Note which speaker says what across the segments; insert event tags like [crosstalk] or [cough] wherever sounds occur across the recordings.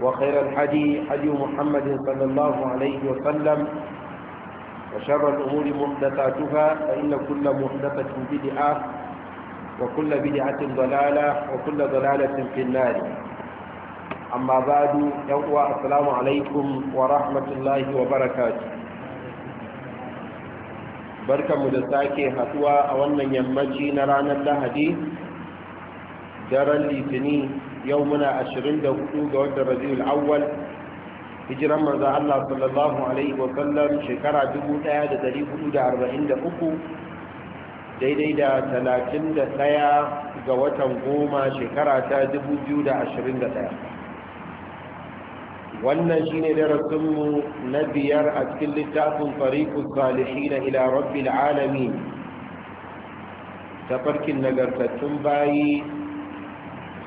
Speaker 1: وخير الحدي حدي محمد صلى الله عليه وسلم وشر الأمور محدثاتها فإن كل محدثة بدعة وكل بدعة ضلالة وكل ضلالة في النار أما بعد يوم السلام عليكم ورحمة الله وبركاته barka mu da sake haduwa a wannan yammaci na ranar lahadi daren litinin yau muna 24 ga watan rabiul awwal hijiran manzo Allah sallallahu alaihi wa sallam shekara 1443
Speaker 2: daidai da 31 ga watan goma shekara ta 2021
Speaker 1: wannan shi shine darasinmu na biyar a cikin littafin Salishi na ila rabbil alamin farkin nagartattun bayi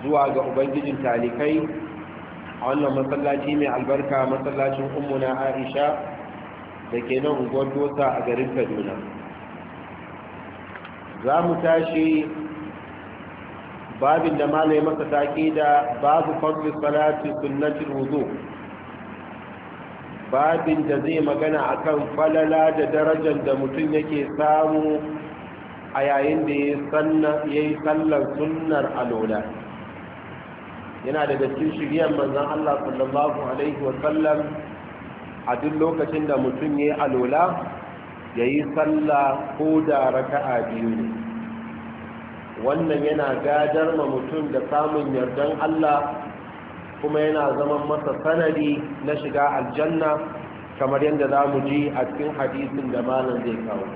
Speaker 1: zuwa ga ubangijin talikai a wannan masallaci mai albarka masallacin ummuna aisha da ke nan unguwar dosa a garin kaduna za mu tashi babin da malaye masa taƙi da babu fadlis salati sunnatin wuzo, babin da zai magana a kan falala da darajar da mutum yake samu a yayin da ya yi sallar sunnar alola yana daga cikin shiriyar manzon Allah sallallahu alaihi wa sallam a duk lokacin da mutum ya alola ya yi sallah ko da raka'a biyu ne wannan yana gadar ma mutum da samun yardan Allah kuma yana zaman masa sanadi na shiga aljanna kamar yadda za mu ji a cikin hadisin da malam zai kawo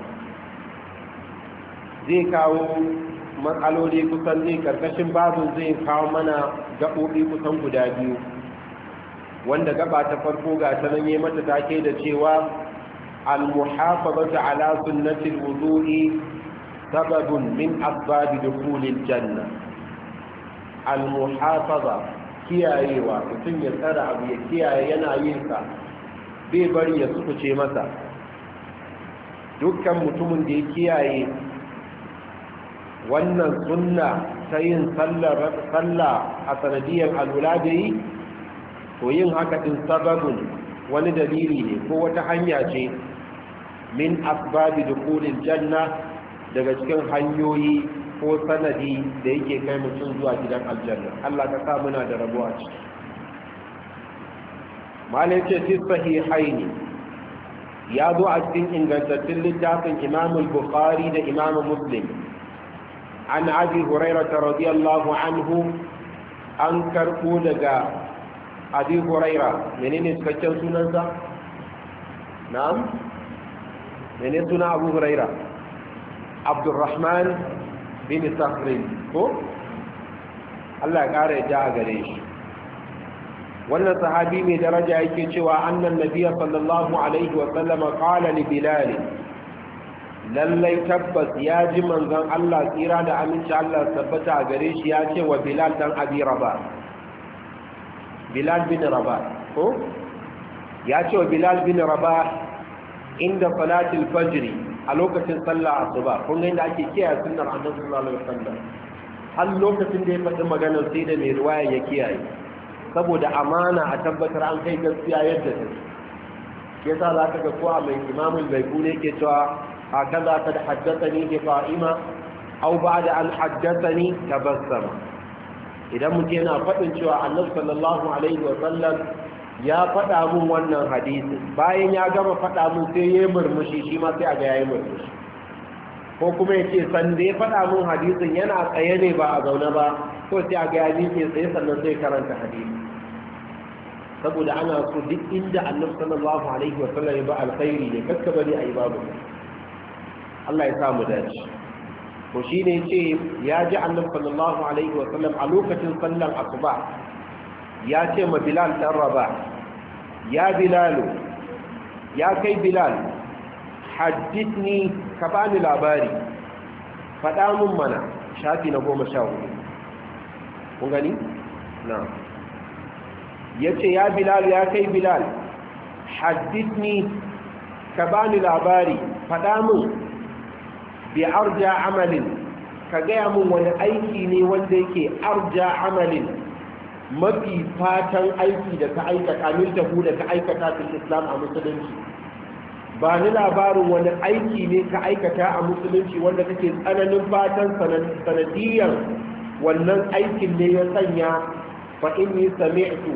Speaker 1: zai kawo matsaloli kusan ne karkashin babu zai kawo mana gaɓoɓi kusan guda biyu wanda gaba ta farko ga ta nan yi mata take da cewa al-muhafazatu ala sunnatil wudu'i sababun min asbabi dukhulil janna al kiyayewa mutum ya tsara abu ya kiyaye yana yin sa bai bari ya sukuce masa dukkan mutumin da ya kiyaye wannan sunna ta yin sallah a sanadiyar alula ko yin haka ɗin sababin wani dalili ne ko wata hanya ce min asbabi dukulin janna daga cikin hanyoyi ko sanadi da yake kai mutum zuwa gidan aljanna Allah ka sa muna da rabu a ciki malai ce fi sahihaini ya zo a cikin ingantattun littafin imamul bukhari da imamu muslim an abi hurairata radiyallahu anhu an karɓo daga abi huraira menene cikakken sunansa na'am menene suna abu huraira abdurrahman bin sakhrin ko Allah ya ƙara ya a gare shi wannan sahabi mai daraja yake cewa annan nabiya sallallahu alaihi wa sallama qala bilali. lallai tabbas ya ji manzan Allah tsira da aminci Allah tabbata a gare shi ya ce wa Bilal dan Abi raba, Bilal bin Raba, ko ya ce wa Bilal bin raba inda salatul fajr a lokacin sallah asuba kun ga inda ake kiyaye sunnar Annabi sallallahu alaihi wasallam har lokacin da ya faɗi maganar sai da mai ruwaya ya kiyaye saboda amana a tabbatar an kai gaskiya yadda take yasa za ka ga ko a mai imamul baikuni ke cewa هكذا قد حدثني بقائمة أو بعد أن حدثني تبسم إذا متينا فتن شواء النبي صلى الله عليه وسلم ya faɗa mun wannan hadisin bayan ya gama faɗa mun sai ya murmushi shi ma sai a ya yi murmushi ko kuma ya ce san ya faɗa mun hadisin yana tsaye ne ba a zaune ba ko sai a ga ya sai tsaye sannan sai karanta hadisi saboda ana so duk inda annabi sallallahu alaihi wa sallam ya ba alkhairi ne kakka bari a babu Allah ya samu dace ko shine yace ya ji annabi sallallahu alaihi wa sallam a lokacin sallan asuba ya ce ma Bilal dan raba. ya Bilal ya kai Bilal haddithni ka bani labari faɗa mun mana shafi na goma sha hudu kun gani? na ya ce ya bilal ya kai bilal haddithni ka bani labari faɗa mun bi arja amalin ka gaya mun wani aiki ne wanda yake arja amalin mafi fatan aiki da ka aikata min tahu da ka aikata fil islam a musulunci ba ni labarin wani aiki ne ka aikata a musulunci wanda kake tsananin fatan sanadiyar wannan aikin ne ya sanya fa yi sami'tu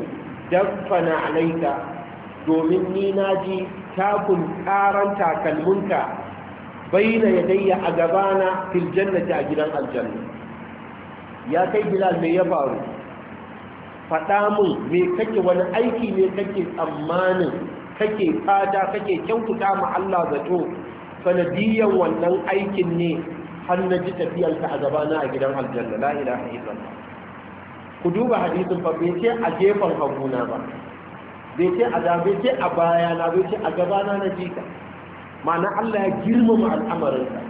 Speaker 1: dafana alaika domin ni na ji takun ƙaran takalminka ya dayya a gabana fil jannati a gidan aljanna ya kai bilal mai ya faru faɗa mun mai kake wani aiki ne kake tsammanin kake fata kake kyautata ma Allah zato sanadiyan wannan aikin ne har na ji tafiyarsa a gabana a gidan aljanna la ilaha illallah ku duba hadisin fa bai ce a gefen haguna ba bai ce a da bai ce a na bai ce a gabana na jika ma'ana Allah ya girmama al'amarinka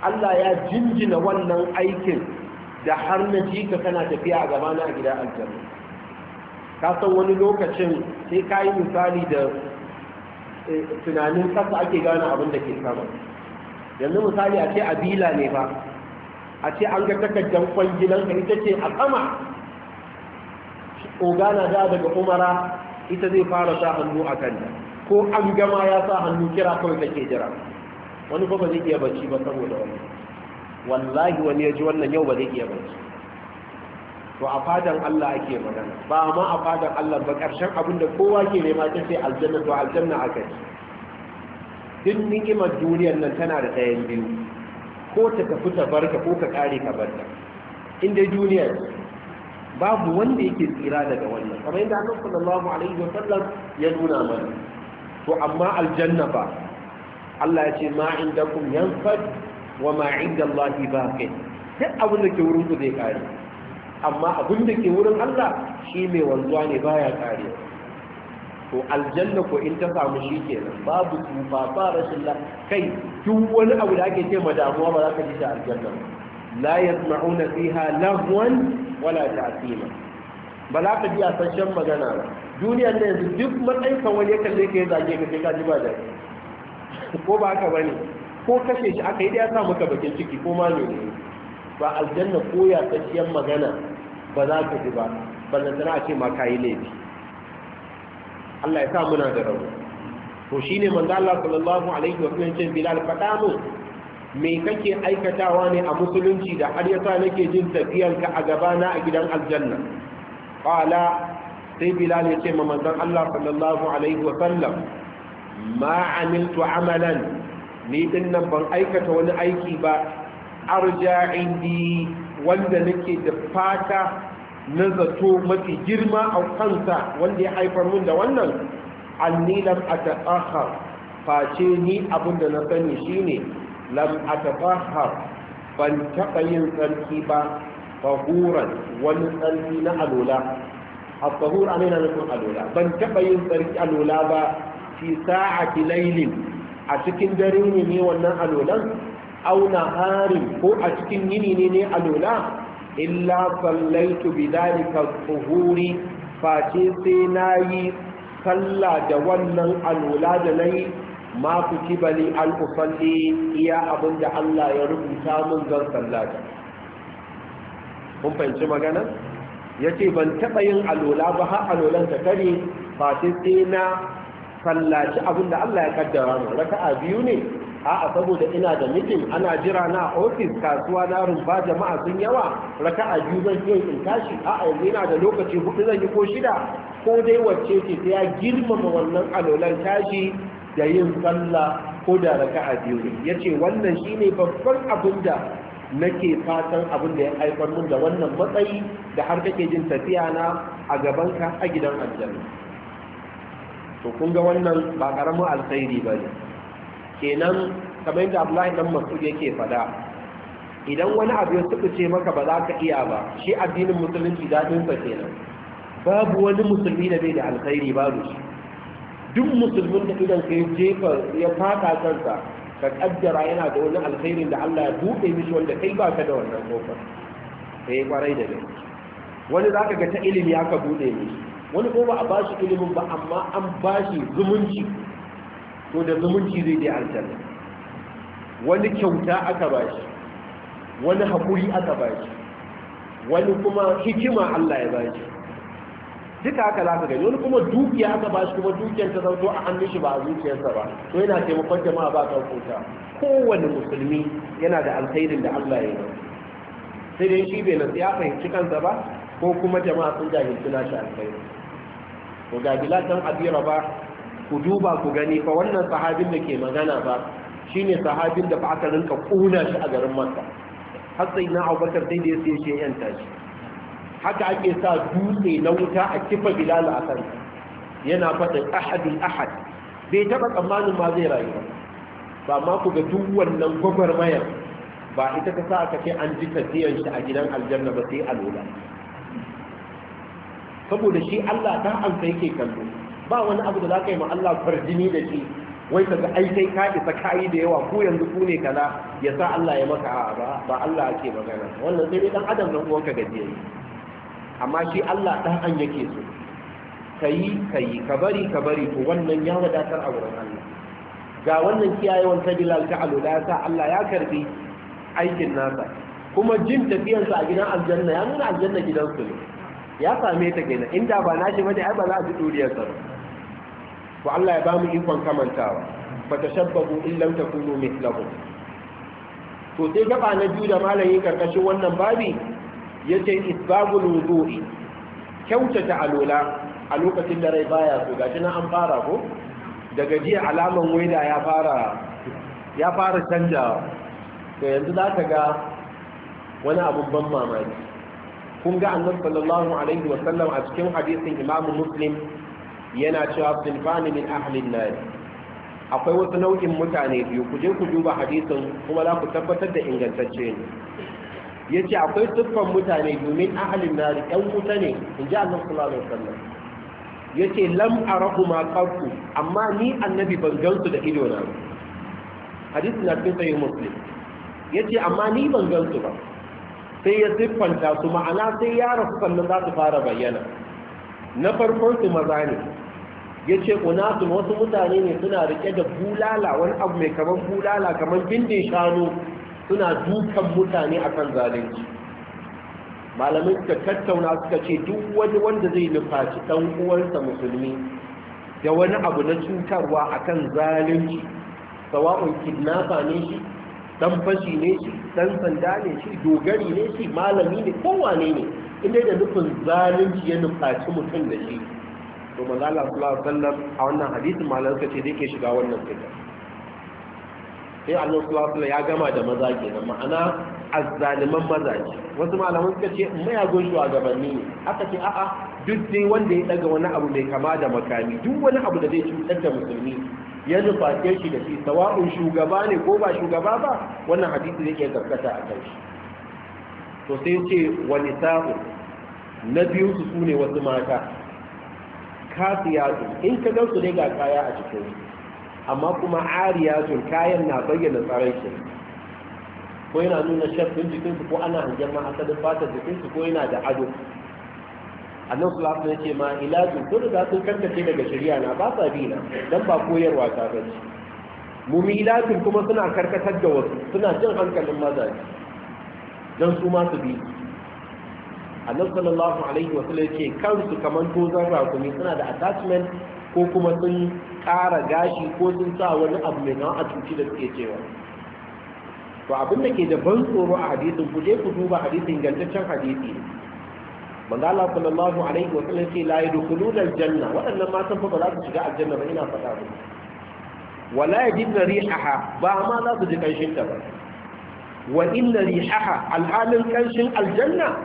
Speaker 1: Allah ya jinjina wannan aikin da har na ji ka kana tafiya a gabana a gida aljanna ka san wani lokacin sai ka yi misali da eh, tunanin kasa ake gane abin da ke sama yanzu misali a ce abila ne ba a ce an ga takardar kwangilan ka ita ce a sama ogana da daga umara ita zai fara sa hannu a kanta ko an gama ya sa hannu kira kawai kake jira wani ba zai iya bacci ba saboda wani wallahi wani ya ji wannan yau ba zai iya bacci to a fadan Allah ake magana ba ma a fadan Allah ba ƙarshen abin da kowa ke nema ta sai aljanna to aljanna aka ci duk ni'imar duniyar nan tana da ɗayan biyu ko ta tafi ta barka ko ka kare ka barka in dai duniyar babu wanda yake tsira daga wannan kamar yadda annabi sallallahu alaihi wa sallam ya nuna mana to amma aljanna ba Allah ya ce ma indakum yanfad wa ma ba kai, sai abin da ke wurin ku zai kare amma abin da ke wurin Allah shi mai wanzuwa ne baya kare to aljanna ko in ta samu shi babu tufa ba rashin la kai duk wani abu da ake ce ma damuwa ba za ka ji shi aljanna la yasma'una fiha lahwan wala ta'sima ba za ka ji a sashen magana ba duniyar da yanzu duk matsayin kan wani ya kalle ka ya zage ka sai ka ji ba da ko ba haka bane ko kashe shi aka yi da ya sa maka bakin ciki ko ma ne ba aljanna ko ya tsakiyar magana ba za ka ji ba ballantana tana ce ma ka yi laifi Allah ya sa muna da rabu. to shine manzo Allah sallallahu alaihi wa sallam ce Bilal faɗa min? me kake aikatawa ne a musulunci da har yasa nake jin ka a gabana a gidan aljanna qala sai bilal ya ce ma manzon Allah sallallahu alaihi wa sallam ma amiltu amalan ni din nan ban aikata wani aiki ba arja indi wanda nake da fata na zato mafi girma a kansa wanda ya haifar mun da wannan anni lam ataqahhar face ni da na sani shine lam ataqahhar ban taɓa yin tsarki ba fahuran wani tsarki na alola at amina nufin alola ban taɓa yin tsarki alola ba fi sa'ati laylin a cikin dare ne ne wannan alolan aw naharin ko a cikin yini ne ne alola illa sallaitu bidalika tuhuri face sai nayi sallah da wannan alola da nayi ma kutiba li an usalli iya abinda Allah ya rubuta mun zan sallata kun fahimci magana ya ce ban taɓa yin alola ba har alolanta ta kare ba sai na fallaci abin da Allah ya kaddara mu raka'a biyu ne a'a saboda ina da mitin ana jira na ofis kasuwa na rumba jama'a sun yawa raka'a biyu zan iya in tashi a'a yanzu ina da lokaci hudu zan yi ko shida ko dai wacce ce ta ya girmama wannan alolan tashi da yin sallah ko da a biyu ne yace wannan shine babban abin da nake fatan abin da ya haifar mun da wannan matsayi da har kake jin tafiya na a gaban ka a gidan aljanna to kun ga wannan ba karamin alkhairi ba ne kenan kamar yadda Abdullahi dan Mas'ud yake fada idan wani abu ya ce maka ba za ka iya ba shi addinin musulunci dadin sa kenan babu wani musulmi da bai da alkhairi ba duk musulmin da idan ka jefa ya fada kansa ka kaddara yana da wani alkhairin da Allah ya buɗe mishi wanda kai ba ka da wannan kofar sai eh, kwarai da wani zaka ga ta ilimi aka buɗe mishi wani ko ba a bashi ilimin ba amma an bashi zumunci to da zumunci zai je aljanna wani kyauta aka bashi wani hakuri aka bashi wani kuma hikima Allah ya bashi duka haka za ka gani wani kuma dukiya aka ba shi kuma dukiyar ta zanto a hannun shi ba a zuciyarsa ba to yana taimakon jama'a ba a kuta kowane musulmi yana da alkhairin da Allah ya yi sai dai shi bai nasu ya fahimci kansa ba ko kuma jama'a sun jahilci nashi alkhairi to ga bilatan abira ba ku duba ku gani fa wannan sahabin da ke magana ba shine sahabin da ba aka rinka kuna shi a garin masa har sai na Abubakar sai da ya sai shi yan tashi haka ake sa dutse na wuta a kifa bilal a kan yana faɗin ahadi ahad bai taɓa tsammanin ma zai rayu ba ma ku ga duk wannan gwagwarmayar ba ita ka sa aka ce an ji tafiyan shi a gidan aljanna ba sai alola saboda shi Allah ta amsa yake kallo ba wani abu da za ka yi ma Allah farjini da shi wai ka ga ai kai ka isa ka yi da yawa ko yanzu ku ne kaza ya sa Allah ya maka a'a ba ba Allah ake magana wannan sai dai dan adam nan uwanka gajiyayi amma shi Allah dan an yake so kayi kayi ka bari ka bari to wannan ya wadatar a wurin Allah ga wannan kiyayewan ta Bilal ta alula sa Allah ya karbi aikin nasa kuma jin tafiyarsa a gidan aljanna ya nuna aljanna gidansu ne ya same ta kenan inda ba na shi bane ai ba za a ji duriyarsa ba to Allah ya bamu ikon kamantawa fa tashabbahu in lam takunu mithlahum to sai gaba na biyu da malami karkashin wannan babi yace isbabul wudu'i kyautata alola a lokacin da rai baya so gashi na an fara ko daga jiya alaman waida ya fara ya fara canja to yanzu za ka ga wani abu ban mamaki kun ga annabi sallallahu alaihi wa sallam a cikin hadisin imam muslim yana cewa sinfani min ahli nar akwai wasu nau'in mutane biyu ku je ku duba hadisin kuma za ku tabbatar da ingantacce ne Ya ce akwai dukkan mutane domin ahalin nari ɗan wuta ne in ji Allah sallallahu alaihi wasallam yace lam arahuma qattu amma ni annabi ban gansu da ido na hadisi na cikin sahih muslim ce amma ni ban gansu ba sai ya siffanta su ma'ana sai ya rasu sannan za su fara bayyana na farkon su maza ne ya ce ƙunatun wasu mutane ne suna rike da bulala wani abu mai kamar bulala kamar bindin shanu suna dukan mutane akan zalunci malamai suka tattauna suka ce duk wani wanda zai nufaci dan uwarsa musulmi da wani abu na cutarwa akan zalunci sawa'un kidnapper ne shi dan fashi ne shi dan sanda ne shi dogari ne shi malami ne kowane ne inda da nufin zalunci ya nufaci mutum da shi to sallallahu alaihi a wannan hadisin malamai suka ce zai ke shiga wannan fitar sai allon sallallahu ya gama da maza kenan ma'ana azzaliman ne wasu malaman suka ce a gabanni ne aka ce a'a duk dai wanda ya daga wani abu mai kama da makami duk wani abu da zai cutar da musulmi ya nufa shi da shi sawa'un shugaba ne ko ba shugaba ba wannan hadisi zai iya gaskata a kai shi to sai ce wani sa'u na biyu su sune wasu mata kafiyatu in ka gansu ne ga kaya a cikin su amma kuma ariyatun kayan na bayyana tsaron shi ko yana nuna shafin jikinsu ko ana hangen ma asalin fatar jikinsu ko yana da ado annan su lafi ce ma ilajin da za su karkace daga shirya na ba sa bi don ba koyarwa ta bace mumi ilajin kuma suna karkatar da wasu suna jin hankalin mazaje don su ma su bi annan sallallahu alaihi wasu ce kansu kamar tozon rakumi suna da attachment ko kuma sun ƙara gashi ko sun sa wani abu mai nan a cuci da suke cewa to abin da ke da ban tsoro a hadisin ku je ku duba hadisin gantaccen hadisi ne manzo Allah sallallahu alaihi wa sallam ce la yadkhuluna aljanna waɗannan matan fa ba za su shiga aljanna ba ina faɗa muku wala yajidna rihaha ba ma za su ji kanshin ta ba wa inna rihaha alhalin kanshin aljanna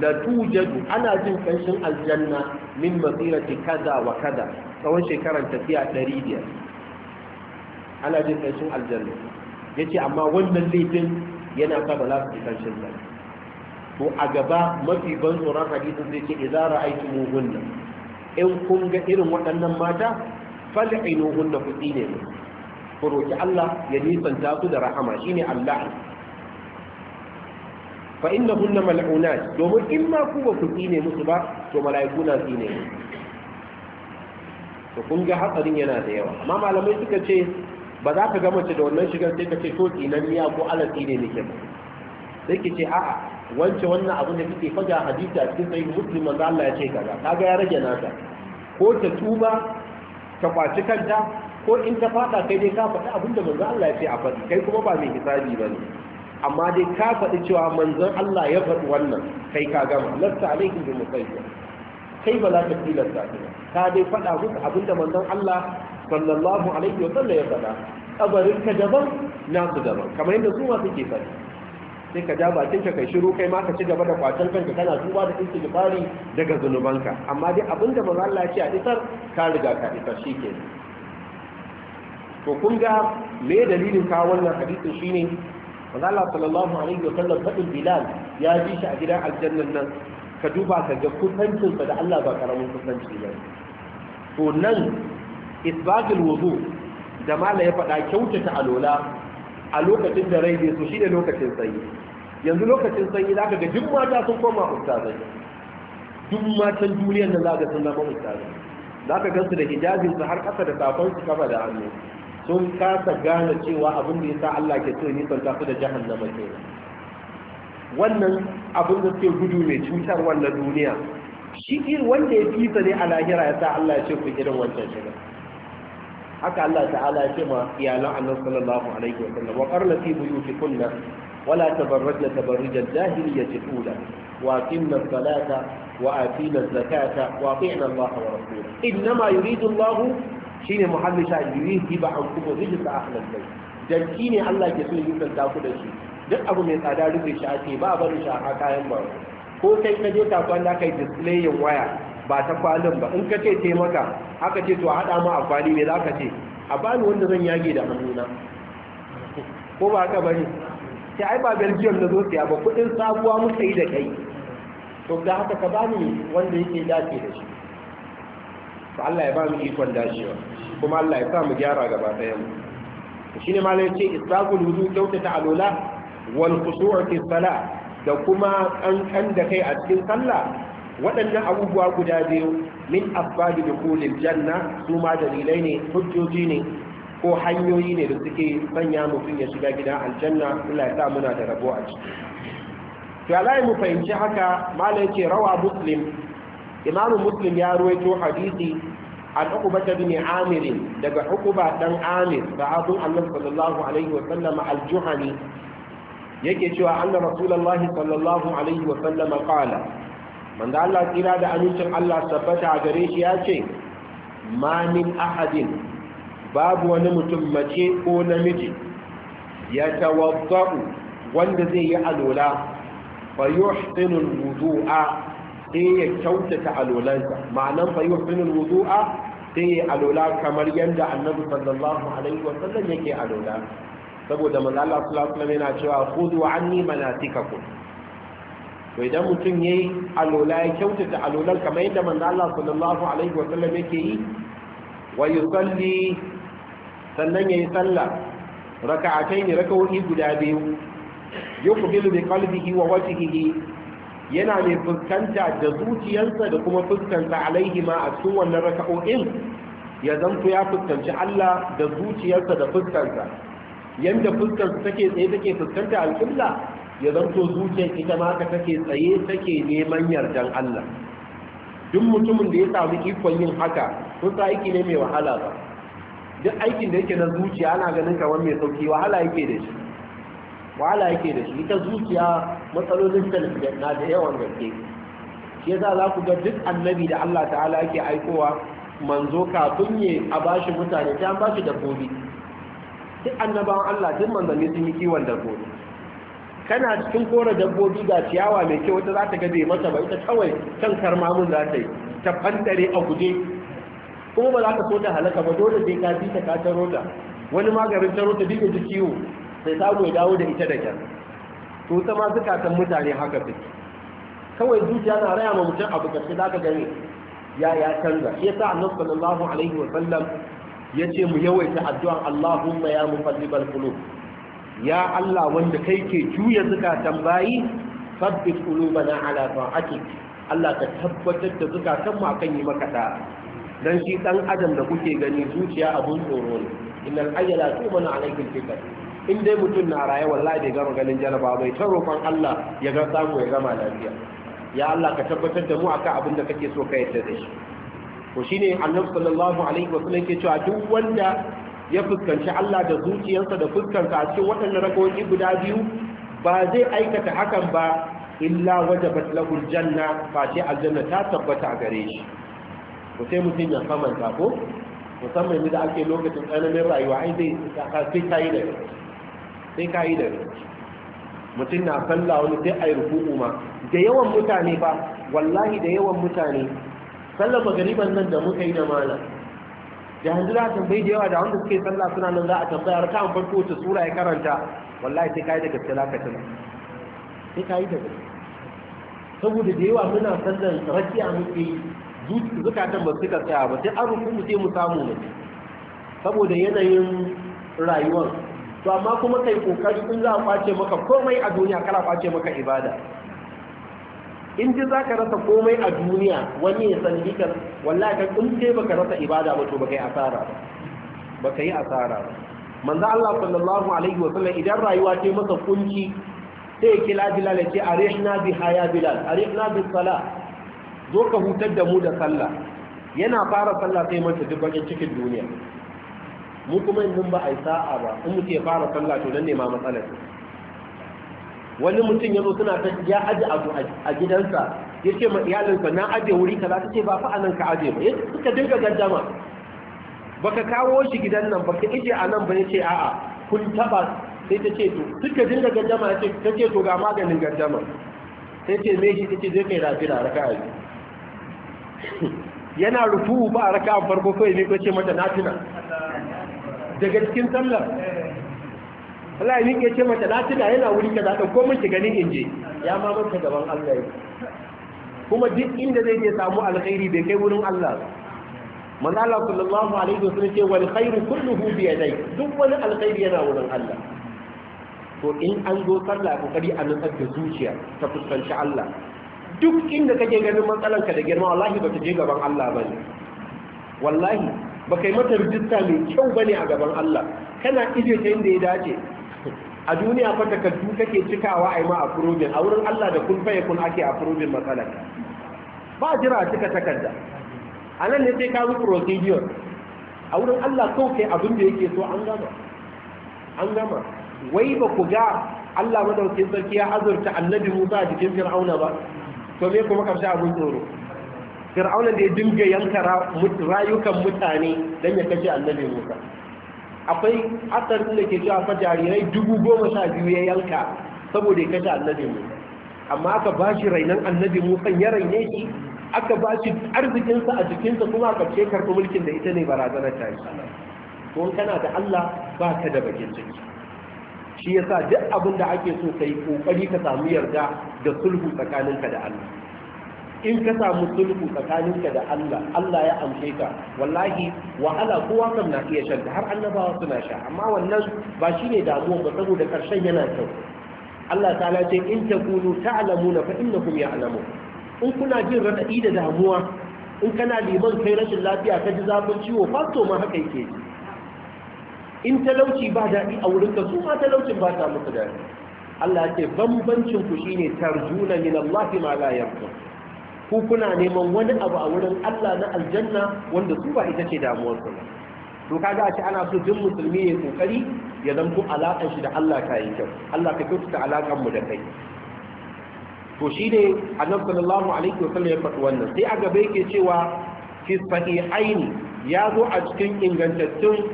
Speaker 1: la tujadu ana jin kanshin aljanna min masirati kaza wa kaza tsawon shekaran tafiya ɗari biyar ana jin ƙanshin aljanna ya ce amma wannan laifin yana sa ba za su ji ƙanshin sa a gaba mafi ban tsoron hadisin zai ce idan ra'aitu nan. in kun ga irin waɗannan mata fal'inu hunna kuɗi ne mu ku roki Allah ya nisanta su da rahama shine Allah fa innahunna mal'unat domin in ma ku ba ku ne musu ba to mala'iku na tsine to kun ga hatsarin yana da yawa amma malamai suka ce ba za ka ga mace da wannan shigar sai ka ce to tsinan miya ko alatsi ne nake ba sai ki ce a'a wance wannan abu da kike faga hadisi a cikin sahih muslim manzo Allah ya ce kaza kaga ya rage naka ko ta tuba ta kwaci kanta ko in ta fada kai dai ka faɗi abin da manzo Allah ya ce a faɗi kai kuma ba mai hisabi ba ne. amma dai ka faɗi cewa manzon Allah ya faɗi wannan kai ka gama lasta alaikum bi musayyi kai ba za ka tilasta ka ka dai faɗa musu abinda manzon Allah sallallahu alaihi wa sallam ya faɗa kabarin ka daban nasu daban kamar yadda su ma suke faɗi sai ka ja bakin ka kai shiru kai ma ka ci gaba da kwatan kanka kana duba da istighfari daga zunubanka amma dai abinda manzon Allah ya ce a isar ka riga ka isar shikenan to kun ga me dalilin kawo wannan hadisin shine manzon Allah sallallahu alaihi wa sallam faɗin Bilal ya ji shi a gidan aljannan nan ka duba ka ga kusancinsa da Allah ba karamin kusanci ba to nan isbatul wudu da mala ya faɗa kyautata alola a lokacin da rai ne so shi ne lokacin sanyi yanzu lokacin sanyi za ka ga duk mata sun koma ustazai duk matan duniyar nan za ka sun zama ustazai za ka gansu da hijabinsu har ƙasa da su kafa da hannu sun kasa gane cewa abin da ya sa Allah ke so nisanta su da jahannama kenan wannan abin da suke gudu mai cutar wannan duniya shi irin wanda ya fita ne a lahira ya sa Allah ya ce ku irin wancan shiga haka Allah ta'ala ya ce ma iyalan annabi sallallahu alaihi wa sallam wa qarna fi buyutikunna ولا تبرجن تبرج الجاهلية الأولى وأقمنا الصلاة وآتينا الزكاة وأطعنا الله ورسوله shine يريد الله شين محل شاهد يريد يبع عنكم الرجس أهل البيت جنكيني الله يسوي يمكن تأكل shi. duk abu mai tsada rufe shi ake ba a barin shi a kayan ba ko kai ka je ta kwana kai displayin waya ba ta kwalin ba in ka ce maka, aka ce to a haɗa ma a kwali me za ka ce a bani wanda zan yage da hannuna ko ba ka bari sai ai ba belgium na zo siya ba kuɗin sabuwa muka yi da kai to ga haka ka bani wanda yake dace da shi to Allah ya ba mu ikon dacewa kuma Allah ya sa mu gyara gaba ɗaya mu shine malai ce isbagul wudu kyautata alula wal khushu' fi da kuma kankan da kai a cikin sallah waɗannan abubuwa guda biyu min asbabi dukhulil janna su ma dalilai ne hujjoji ne ko hanyoyi ne da suke sanya mutum ya shiga gidan aljanna Allah ya sa muna da rabo a ciki to alai mu fahimci haka malai ce rawa muslim imam muslim ya ruwaito hadisi an uqbata bin amir daga uqba dan amir sahabin annabi sallallahu alaihi wa al-juhani yake cewa anna rasulullahi sallallahu alaihi wa sallam qala manzo Allah tsira da amincin Allah tabbata a gare shi ya ce ma min ahadin babu wani mutum mace ko namiji ya tawaddau wanda zai yi alola fa yuhsinu alwudu'a sai ya kyautata alolansa ma'anan fa yuhsinu alwudu'a sai ya alola kamar yadda annabi sallallahu alaihi wa sallam yake alola saboda manzo sallallahu alaihi wasallam yana cewa khudu anni manasikakum to idan mutum yayi alola ya kyautata alolan kamar yadda manzo sallallahu alaihi wasallam yake yi wa salli sannan yayi sallah raka'atayn raka'o'i guda biyu yuqbilu bi qalbihi wa wajhihi yana mai fuskanta da zuciyarsa da kuma fuskanta alaihi ma a cikin wannan raka'o'in ya zanto ya fuskanci Allah da zuciyarsa da fuskansa yanda fuskar su take tsaye take fuskanta alƙibla ya zanto zuciyar ita ma ka take tsaye take neman yardan Allah duk mutumin da ya samu ikon yin haka ko sa aiki ne mai wahala ba duk aikin da yake na zuciya ana ganin kamar mai sauki wahala yake da shi wahala yake da shi ita zuciya matsalolin ta na da yawan gaske shi yasa za ku ga duk annabi da Allah ta'ala yake aikowa manzo kafin ya a bashi mutane ta bashi dabbobi duk annabawan Allah duk manzanni sun yi kiwon dabbobi kana cikin kora dabbobi ga ciyawa mai kyau wata za ta gabe masa ba ita kawai kan karma mun za ta yi ta fantare a guje kuma ba za ka so ta halaka ba dole sai ka bi ta ka taro ta wani maganin taro ta duk ta ciwo sai ta ya dawo da ita da kyar to ta ma zukatan mutane haka fi kawai zuciya na raya ma mutum abu karshe za ka gani ya ya canza shi yasa annabi sallallahu alaihi wa sallam yace mu yawaita addu'an Allahumma ya muqallibal qulub ya Allah wanda kai ke juya zukatan bayi sabbit qulubana ala ta'atik Allah ka tabbatar da zukatan mu akan yi maka da dan shi dan adam da kuke gani zuciya abun tsoro ne innal ayyala tumana alayhi fikr in dai mutum na raye wallahi bai gama ganin jaraba bai ta roƙon Allah ya ga samu ya gama lafiya ya Allah ka tabbatar da mu akan abin da kake so ka yarda da shi ko shine annabi sallallahu alaihi wasallam ke cewa duk wanda ya fuskanci Allah da zuciyarsa da fuskansa a cikin waɗannan rakoki guda biyu ba zai aikata hakan ba illa wajabat lahu aljanna fa sai aljanna ta tabbata gare shi ko sai mutum ya kamanta ko musamman yadda ake lokacin tsananin rayuwa ai zai sai kayi da sai kayi da mutum na sallah wani sai ayi ruku'u ma da yawan mutane ba wallahi da yawan mutane sallar magariban nan da muka yi da malam da yanzu za a tambayi da yawa da wanda suke sallah suna nan za a tambaya ta an farko ta sura ya karanta wallahi sai yi da gaske Sai ka yi sai da gaske saboda da yawa muna sallar rakiya muke yi zukatan ba suka tsaya ba sai an rufu sai mu samu ne saboda yanayin rayuwar to amma kuma kai kokari in za a kwace maka komai a duniya kala kwace maka ibada in ji za ka rasa komai a duniya wani ya sani hikar wallahi ka kunce baka rasa ibada ba to baka yi asara ba ka yi asara ba manzo Allah sallallahu alaihi wa sallam idan rayuwa ce masa kunci sai ya kila Bilal ya ce arihna bi haya Bilal arihna bi sala zo ka hutar da mu da sallah yana fara sallah sai manta duk bakin cikin duniya mu kuma in ba a yi sa'a ba in muke fara sallah to nan ne ma matsalar wani mutum ya zo suna ta ya aje abu a gidansa ya ce ma iyalinsa na aje wuri kaza ta ce ba fa anan ka aje ba yace suka dinga gaddama baka kawo shi gidan nan baka ije a nan ba ya ce a'a kun taba sai ta ce to suka dinga gaddama ya ce ta ce to ga maganin gaddama sai ce me shi ta ce zai kai rafira raka'a biyu [laughs] yana rufu ba a raka'an farko kawai ne ko ce mata na tuna daga cikin sallar Allah ya ke ce mata na tuna yana wuri kaza dan ko mun shiga ganin inje ya ma manta gaban Allah kuma duk inda zai je samu alkhairi bai kai wurin Allah manzo Allah sallallahu alaihi wasallam ce wal khairu kulluhu bi yadai duk wani alkhairi yana wurin Allah to in an zo sallah kari a nutsar da zuciya ta fuskanci Allah duk inda kake ganin ka da girma wallahi ba ta je gaban Allah bane wallahi ba kai mata rijista mai kyau bane a gaban Allah kana ije ta inda ya dace a duniya fa takardu kake cikawa ai ma approving a wurin Allah da kun faye kun ake approving matsalar ba jira cika takarda a nan ne sai ka zo procedure a wurin Allah kawai kai abin da yake so an gama an gama wai ba ku ga Allah madaukakin sarki ya azurta annabi Musa a jikin Fir'auna ba to me kuma karshe abin tsoro Fir'auna da ya dinga yanka rayukan mutane dan ya kashe annabi Musa akwai asarin da ke cewa fa jarirai dubu goma sha biyu ya yanka saboda ya kashe annabi mu amma aka ba shi rainan annabi kan ya raine shi aka ba shi arzikinsa a jikinsa kuma aka ce karɓi mulkin da ita ne barazanar ta yi ko kana da allah ba ka da bakin ciki shi yasa duk abin da ake so ka yi ka samu yarda da sulhu tsakaninka da allah in ka samu sulhu tsakaninka da Allah Allah ya amshe ka wallahi wahala kowa kan na iya shanta har annabawa suna sha amma wannan ba shine damuwa ba saboda karshen yana kyau Allah ta'ala ce in takunu ta'lamuna fa innakum ya'lamun in kuna jin radadi da damuwa in kana liman kai rashin lafiya ka ji zafin ciwo fasto ma haka yake in talauci ba daɗi a wurin ka su ma talaucin ba ta musu daɗi Allah ya ce bambancin ku shine tarjuna min Allah ma la ku kuna neman wani abu a wurin Allah na aljanna wanda su ba ita ce damuwar ku to kaga a ce ana so duk musulmi ya kokari ya zanto alaƙar shi da Allah ta yi kyau Allah ka ta alaƙar mu da kai to ne annabi sallallahu alaihi wasallam ya faɗi wannan sai a gaba yake cewa fi sahihaini ya zo a cikin ingantattun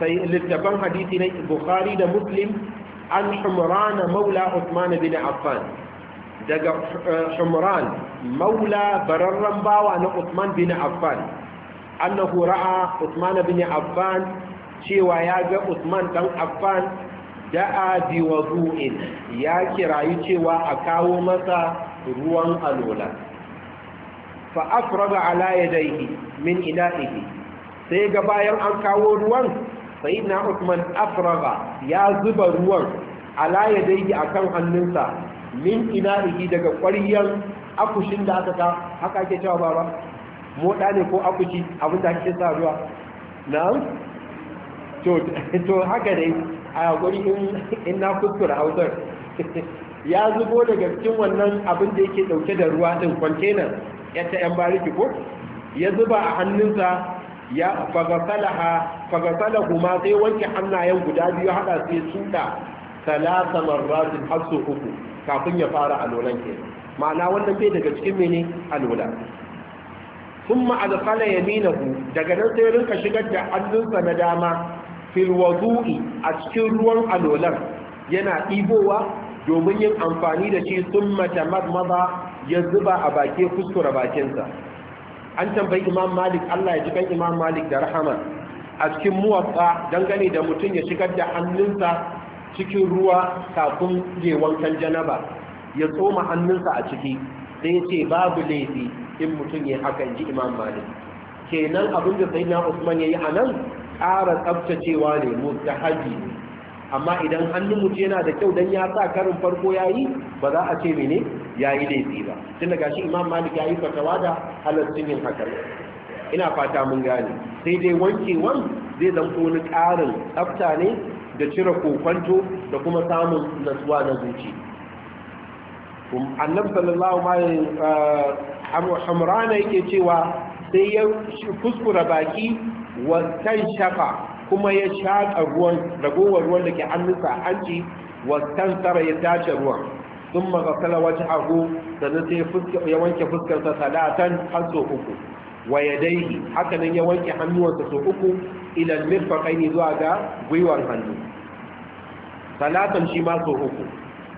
Speaker 1: sai littafan hadisi na Bukhari da Muslim an Humran maula Uthman bin Affan daga eh, humran maula bararren bawa na Usman bin Affan annahu ra'a usman bin Affan cewa ya ga Usman dan Affan da'a bi wudu'in ya kirayi cewa a kawo masa ruwan alola fa afraga ala yadayhi min ina'ihi sai ga bayan an kawo ruwan sayyidina Usman afraga ya zuba ruwan ala yadayhi akan hannunsa min ina ina'ihi daga ƙwariyar akushin da aka ta haka ake cewa baba moda ne ko akushi abin da ake sa ruwa na to haka dai a yaguri in na kuskura hausar [laughs] ya zubo daga cikin wannan abin da yake dauke da ruwa ɗin kwantenan yadda yan bariki ko ya zuba a hannunsa ya fagasala kuma sai wanke hannayen guda biyu hada sai suka talata marrazin har uku kafin ya fara alolan ke ma'ana wannan bai daga cikin mene alola sun ma'alƙala ya nina ku, daga nan sai rinka shigar da hannunsa na dama filwazu'i a cikin ruwan alolan yana ɗibowa domin yin amfani da shi sun mata mazmaza ya zuba a bakin kuskura bakinsa an tambayi imam malik allah ya ji kan imam malik da rahama a cikin muwatsa dangane da mutum ya shigar da hannunsa cikin ruwa kafin je wankan janaba ya tsoma hannunsa a ciki sai ce babu laifi in mutum ya haka ji imam malik kenan abin da sayyidina usman yayi a nan ƙara tsaftacewa ne hajji ne amma idan hannun mutum yana da kyau dan ya sa karin farko yayi ba za a ce mene yayi laifi ba tun da gashi imam malik ya yi fatawa da halaccin yin haka ina fata mun gane sai dai wankewan zai zanto wani ƙarin tsafta ne da cire kokwanto da kuma samun nasuwa na zuci annabi sallallahu alaihi hamrana eh, yake cewa sai ya kuskura baki wa tan kuma ya shaƙa ruwan ragowar ruwan da ke hannunsa a hanci wa tan sara ya tace ruwan sun magasala wata abu na sai ya wanke fuskarsa salatan har sau uku wa yadaihi haka nan ya wanke hannuwansa sau uku ila al zuwa ga gwiwar hannu salatan shi ma sau uku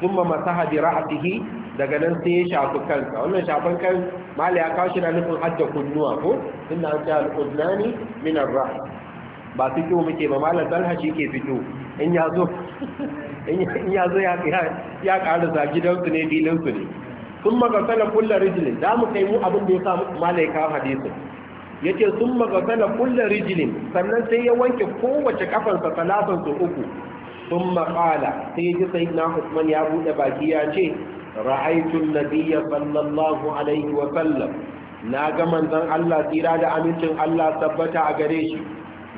Speaker 1: kuma masaha bi ra'atihi daga nan sai ya shafi kansa wannan shafan kan mali ya kawo shi na nufin hajja kunnuwa ko inna an ta udnani min ar rah ba fito muke ba malam dalha shi ke fito in ya zo [laughs] in ya zo ya ya karasa gidansu ne filinsu ne sun magasala kulla rijinin, za mu kai mu abin da ya sa malaika hadisin ya ce sun magasala kulla rijinin, sannan sai ya wanke kowace kafansa talatin su uku sun maƙala sai ya ji sai na usman ya buɗe baki ya ce ra'aitun nabiya sallallahu alaihi wa sallam na ga manzon Allah tsira da amincin Allah tabbata a gare shi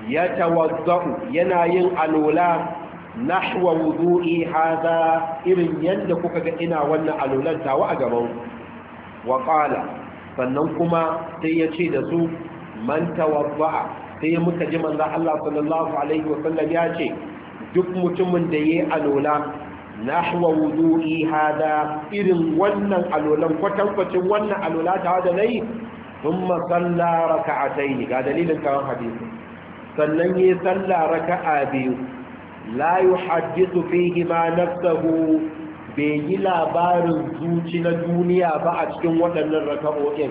Speaker 1: ya tawazza'u yana yin alwala nahwa wudu'i hadha irin yanda kuka ga ina wannan alulan tawa a gaban wa qala sannan kuma sai ya ce da su man tawadda'a sai muka ji manzo Allah sallallahu alaihi wasallam ya ce duk mutumin da yayi alula nahwa wudu'i hadha irin wannan alulan kwatankwacin wannan alula tawa da nayi thumma salla raka'atayn ga dalilin kan hadisi sannan yayi salla raka'a biyu la yuhaddithu fihi ma bai yi labarin zuci na duniya ba a cikin waɗannan raka'o'in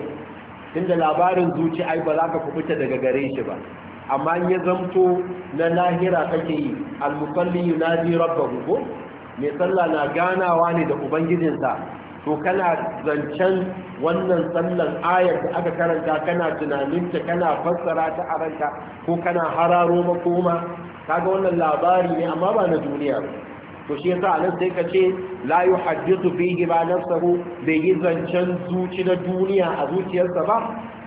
Speaker 1: inda labarin zuci ai ba za ka kubuta daga gare shi ba amma ya zamto na lahira kake yi al-musalli yunadi rabbahu ko mai sallah na ganawa ne da ubangijinsa to kana zancen wannan sallar ayar da aka karanta kana tunaninta kana fassara ta a ranka ko kana hararo makoma kaga wannan labari ne amma ba na duniya ba to shi yasa anan sai ka ce la yuhaddithu fihi ba nafsuhu bai yi zancen zuci na duniya a zuciyarsa ba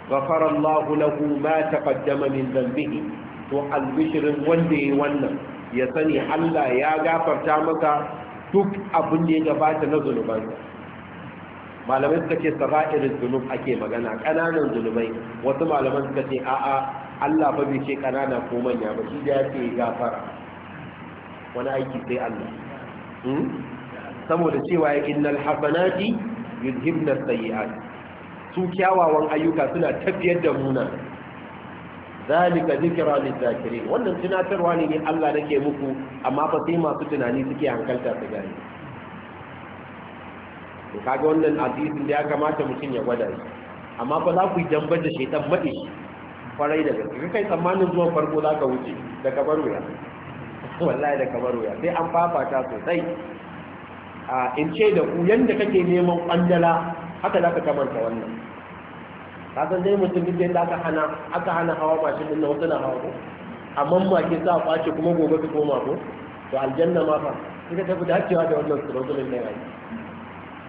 Speaker 1: ghafara Allahu lahu ma taqaddama min dhanbihi to albishirin wanda yayi wannan ya sani Allah ya gafarta maka duk abin da ya gabata na zunubansa malamai suka ce sara'irin zunub ake magana ƙananan zunubai wasu malaman suka ce a'a Allah fa bai ce kanana ko manya ba shi da ya gafara wani aiki sai Allah hmm? saboda cewa innal hasanati yuzhibna sayyi'at su kyawawan ayyuka suna tafiyar da muna zalika zikra zakirin wannan tunatarwa ne ne Allah nake muku amma fa sai masu tunani suke hankalta su gani to kaga wannan hadisin da ya kamata mutum ya gwada shi amma fa za ku yi dambar da shaitan madishi kwarai da gaske kai tsammanin zuwan farko za ka wuce da kabar wuya [laughs] wallahi da kabar wuya sai an fafata sosai a in ce da ku yanda kake neman kwandala haka za ka kamanta wannan ka san dai mutum duk yadda aka hana aka hana hawa mashin din na wasu na hawa ko amma ma ke sa kwace kuma gobe su koma ko to aljanna ma fa kika tafi dacewa da wannan surutulin ne ai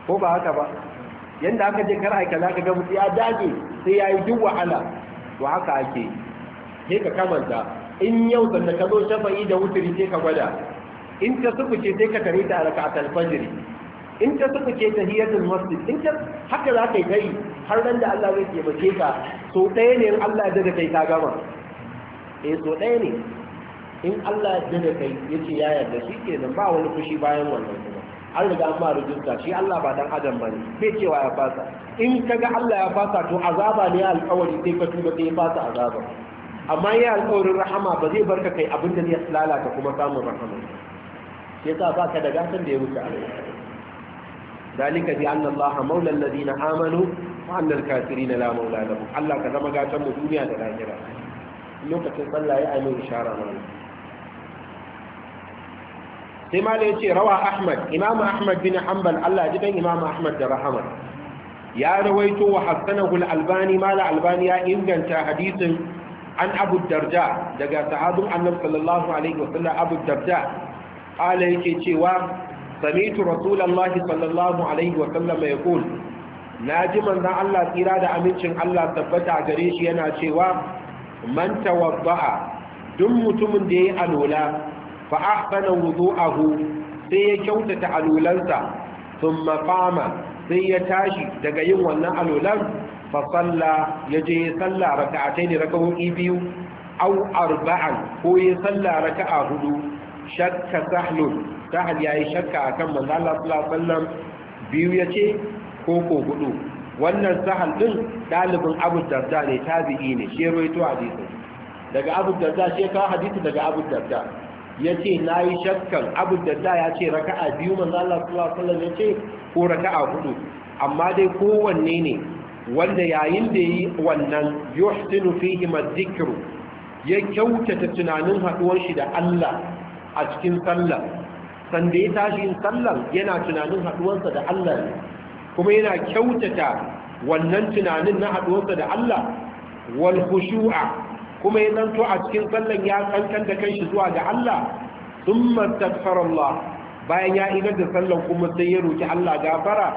Speaker 1: ko ba haka ba yanda aka je kar aika za ka ga mutum ya dage sai ya yi duk wahala to haka ake sai ka kamanta in yau sanda ka zo shafa'i da wuturi sai ka gwada in ta ce sai ka tare ta a raka'atul fajr in ta sufuce tahiyatul masjid in ta haka za ka yi kai har nan da Allah zai taimake ka so ɗaya ne in Allah ya da kai ka gama eh so ɗaya ne in Allah ya daga kai yace ya yarda shi nan, ba wani fushi bayan wannan kuma an riga an ma rijista shi Allah ba dan adam bane sai cewa ya fasa in ka ga Allah ya fasa to azaba ne alƙawari sai ka tuba sai ya fasa azaba amma ya alƙawarin rahama ba zai barka kai abin da zai lalata kuma samun rahama shi yasa ba ka da gasan da ya wuce Allah dalika bi anna Allah maula alladhina amanu wa anna al-kafirin la maula lahum Allah ka zama gatan mu duniya da lahira lokacin sallah ya ayi mu ishara mana sai ma da ce rawa ahmad imam ahmad bin hanbal Allah ji dan imam ahmad da rahama ya rawaito wa hasanahu al-albani mala albani ya inganta hadisin an abu darja daga sahabin annabi sallallahu alaihi wasallam abu darda qala yake cewa sami'tu rasulullahi sallallahu alaihi wasallam yaqul naji manzon Allah tsira da amincin Allah tabbata gare shi yana cewa man tawadda'a duk mutumin da yayi alola fa ahsana wudu'ahu sai ya kyautata alulansa thumma qama sai ya tashi daga yin wannan alulan fa salla yaje salla raka'atayn raka'o'i biyu aw arba'an ko ya salla rak'a hudu shakka sahlun sahal yi shakka akan manzo Allah sallallahu alaihi wasallam biyu yace ko ko hudu wannan sahal din dalibin Abu Darda ne tabi'i ne shi ruwaito hadisi daga Abu Darda shi ka hadisi daga Abu Darda ya ce na yi shakkan abin da ya ce raka'a biyu manzo Allah sallallahu alaihi wasallam ya ce ko raka'a hudu amma dai kowanne ne wanda yayin da yi wannan yuhsinu fihi madhikru ya kyautata tunanin haduwar shi da Allah a cikin sallah sanda ya tashi yin sallar yana tunanin haduwarsa da Allah ne kuma yana kyautata wannan tunanin na haduwarsa da Allah wal khushu'a kuma ya zanto a cikin sallan ya kankan da kanshi zuwa ga Allah thumma astaghfirullah bayan ya idar da sallan kuma sai ya roki Allah gafara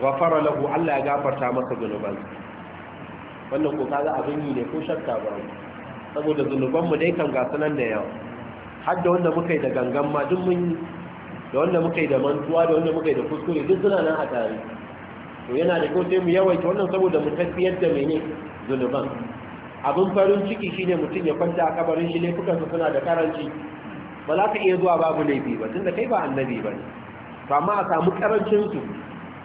Speaker 1: gafara lahu Allah ya gafarta masa zunuban wannan ko kaga abin yi ne ko shakka ba saboda zunuban mu dai kan gasu nan da yawa har da wanda muka yi da gangan ma duk mun yi da wanda muka yi da mantuwa da wanda muka yi da kuskure duk suna nan a tare to yana da kyau sai mu yawaita wannan saboda mu tafiyar da mene zunuban abin farin ciki shine mutum ya kwanta a kabarin shi laifukan su suna da karanci ba za ka iya zuwa babu laifi ba tunda kai ba annabi ba ne to amma a samu karancin su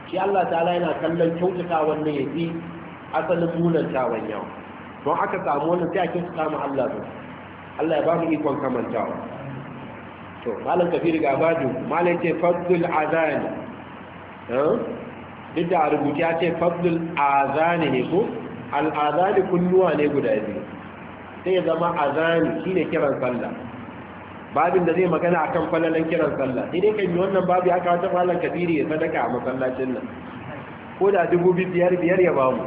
Speaker 1: shi Allah ta'ala yana kallon kyautata wannan ya fi asalin munantawan yawa don aka samu wannan sai a kyautata samu Allah ba Allah ya ba mu ikon kamantawa to malam kafir ga badu malam ce fadlul azan eh? duk da rubuta ce fadlul azan ne ko al'azani kunnuwa ne guda biyu sai ya zama azani shine kiran sallah babin da zai magana akan falalan kiran sallah sai dai kan yi wannan babu ya kawo ta kabiri ya sadaka a masallacin nan ko da dubu biyar biyar ya bamu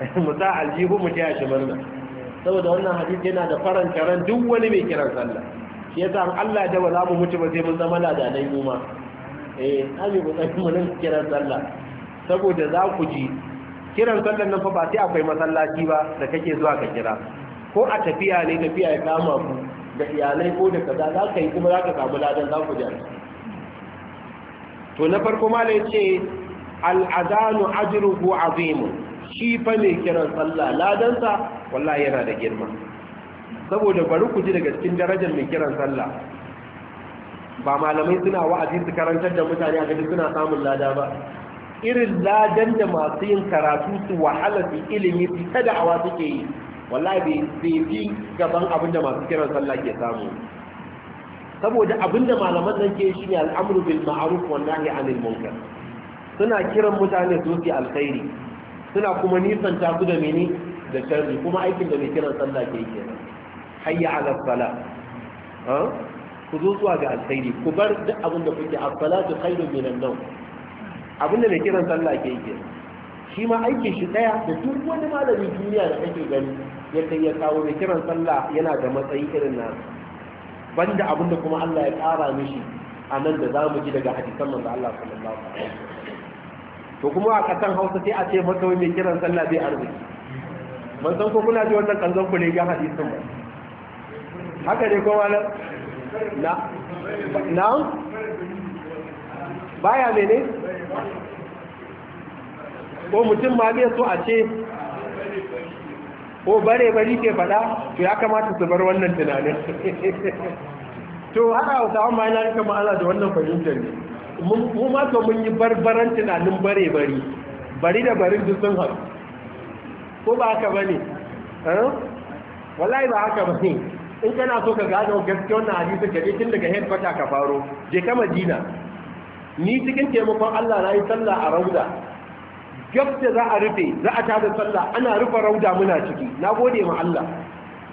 Speaker 1: [laughs] mu sa aljihu mu ta shi murna saboda wannan hadisi yana da faranta ran duk wani mai kiran sallah shi ya sa Allah da wala mu mutu ba sai mun zama ladanai mu ma eh ami mu tsaya mu kiran sallah saboda za ku ji kiran sallan nan fa ba sai akwai masallaci ba da kake zuwa ka kira ko a tafiya ne tafiya ya kama ku da iyalai ko da kaza za ka yi kuma za ka samu ladan za ku jami to na farko mala ya ce al'adanu ajruhu azimu shi fa mai kiran sallah ladansa wallahi yana da girma saboda bari ku ji daga cikin darajar mai kiran sallah ba malamai suna wa'azi su karantar da mutane a gadi suna samun lada ba irin ladan da masu yin karatu su wahala su ilimi su ta da'awa suke yi wallahi bai fi gaban abin da masu kiran sallah ke samu saboda abin da malaman nan ke shi ne al'amru bil ma'ruf wa nahi anil munkar suna kiran mutane su yi alkhairi suna kuma nisanta su da mene da sharri kuma aikin da mai kiran sallah ke kenan hayya ala sala ku zo zuwa ga alkhairi ku bar duk abin da kuke as-salatu khairun minan nawm abinda mai kiran sallah ke yi shi ma aiki shi daya da duk wani malami duniya da kake gani ya kai ya kawo mai kiran sallah yana da matsayi irin nan banda abinda kuma Allah ya kara mishi a nan da za mu ji daga hadisan manzo Allah sallallahu alaihi wasallam to kuma a kasan Hausa sai a ce maka mai kiran sallah bai arziki ban san ko kuna ji wannan kanzon ku ne ga hadisan ba haka ne ko malam na na
Speaker 3: baya menene ko mutum ma zai so a ce
Speaker 1: ko oh, bare bari ke faɗa to ya kamata su bar wannan tunanin [laughs] to haka wasu ma yana rika ma'ana da wannan fahimtar ne mu ma so mun yi barbaran tunanin bare bari bari da barin duk sun haɗu ko ba haka ba ne eh? wallahi ba haka ba ne in kana so ka gano gaske wannan hadisi ka je tun daga headquarter ka faro je ka madina ni cikin taimakon Allah na yi sallah a rauda gab da za a rufe za a tada sallah ana rufe rauda muna ciki na gode ma Allah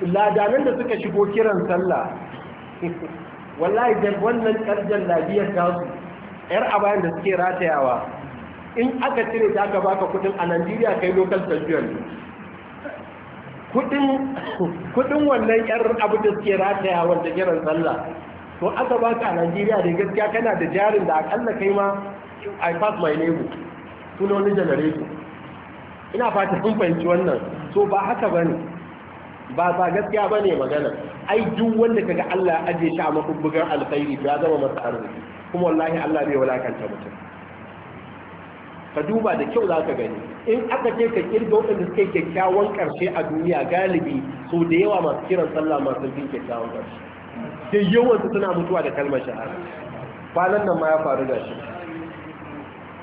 Speaker 1: ladanan da suka shigo kiran sallah [laughs] wallahi da wannan karjan lafiyar ta su yar abayan da suke ratayawa in aka cire ta aka baka kudin a Najeriya kai local champion kudin [laughs] kudin wannan yar abu da suke ratayawa da kiran sallah to aka ka a Najeriya da gaskiya kana da jarin da akalla kai ma I pass my neighbor tuna wani generator ina fata sun fahimci wannan so ba haka bane ba ba gaskiya bane magana ai duk wanda kaga Allah ya aje shi a mafubbugar alkhairi ya zama masa arziki kuma wallahi Allah bai walakanta mutum ka duba da kyau za ka gani in aka ce ka kirga waɗanda suke kyakkyawan ƙarshe a duniya galibi so da yawa masu kiran sallah masu bin kyakkyawan ƙarshe da yawansu suna mutuwa da kalmar shahada falon nan ma ya faru da shi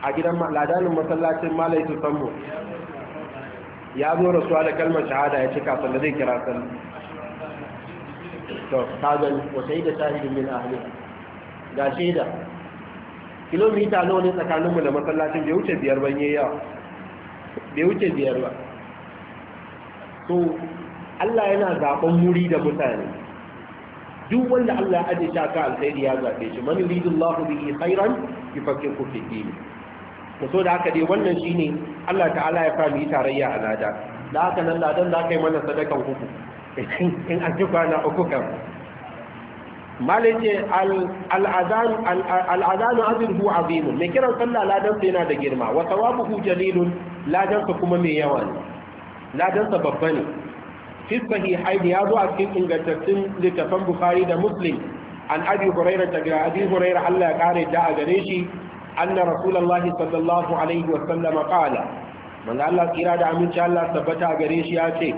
Speaker 1: a gidan ladanin masallacin malai su sambo ya zo rasuwa da kalmar shahada ya cika sanda zai kira sallu to kagan wasai da shahidin min ahli ga shaida kilomita nawa ne tsakaninmu da masallacin bai wuce biyar ban yi yawa bai wuce biyar ba so Allah yana zaɓen wuri da mutane duk wanda Allah ya ajiye shi aka alkhairi ya zabe shi man yuridullahu bihi khairan yufaqihu fi din to so da haka dai wannan shine Allah ta'ala ya fara yi tarayya a lada da haka nan ladan da kai mana sadakan uku in an ji kwana uku kan malaje al-azan al-azan azruhu azim me kiran sallah ladan sa yana da girma wa thawabuhu jalilun ladan kuma mai yawa ne ladan sa babba ne fi sahihaini ya zo a cikin ingantattun littafan bukhari da muslim an abi hurairah daga abi hurairah Allah ya kare da a gare shi anna rasulullahi sallallahu alaihi wa sallam qala man Allah kira da aminci Allah tabbata gare shi ya ce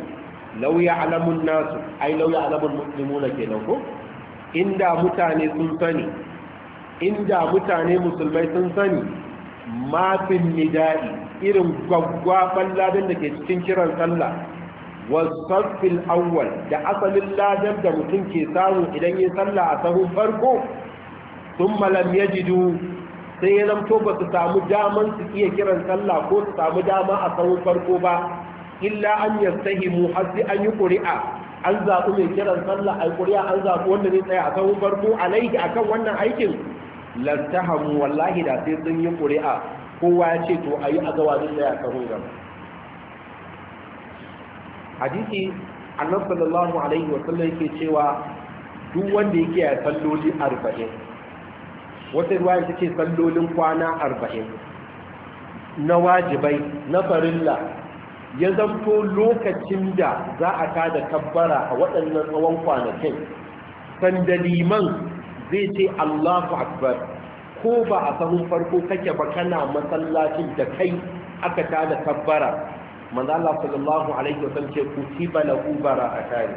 Speaker 1: law ya'lamun nasu ai law ya'lamul muslimuna kenan ko inda mutane sun sani inda mutane musulmai sun sani mafin irin gwaggwaban ladan da ke cikin kiran sallah wasfafil Awal, da asalin ladar da mutum ke samu idan ya salla a sahun farko sun malam ya jidu sai ya zamto ba su samu daman su iya kiran sallah ko su samu dama a sahun farko ba illa an yastahimu har sai an yi ƙuri'a an zaɓi mai kiran sallah a ƙuri'a an zaɓi wanda zai tsaya a sahun farko a akan wannan aikin lantahamu wallahi da sai sun yi ƙuri'a kowa ya ce to a yi a gawa zai a sahun gaba hadisi annabi sallallahu alaihi wa sallam yake cewa duk wanda yake ya salloli 40 wata ruwaya take sallolin kwana 40 na wajibai na farilla ya zamto lokacin da za a kada tabbara a waɗannan tsawon kwanakin liman zai ce Allahu Akbar ko ba a sahun farko kake ba kana masallacin da kai aka tada kabbara manzo Allah sallallahu alaihi sallam ce ku ubara a bara'atan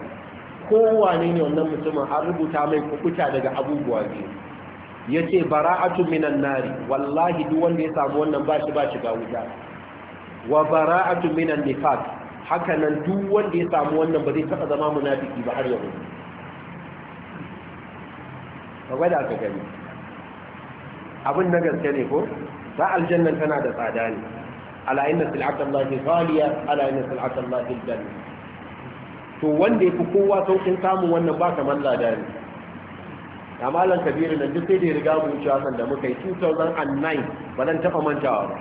Speaker 1: kowane ne wannan mutumin an rubuta mai kukuta daga abubuwa biyu yace bara'atu minan nari wallahi duk wanda ya samu wannan bashi ba shiga wuta wa bara'atu minan nifaq haka nan duk wanda ya samu wannan ba zai taba zama munafiki ba har yau ba gwada ka gani abin na gaske ne ko za aljanna tana da tsada ne ala inna sil'ata Allah ghaliya ala inna sil'ata Allah al-janna to wanda yafi kowa saukin samun wannan ba kamar ladani amma lan kabiru nan duk sai da riga mu ci san da muka yi 2009 ba dan taba mantawa ba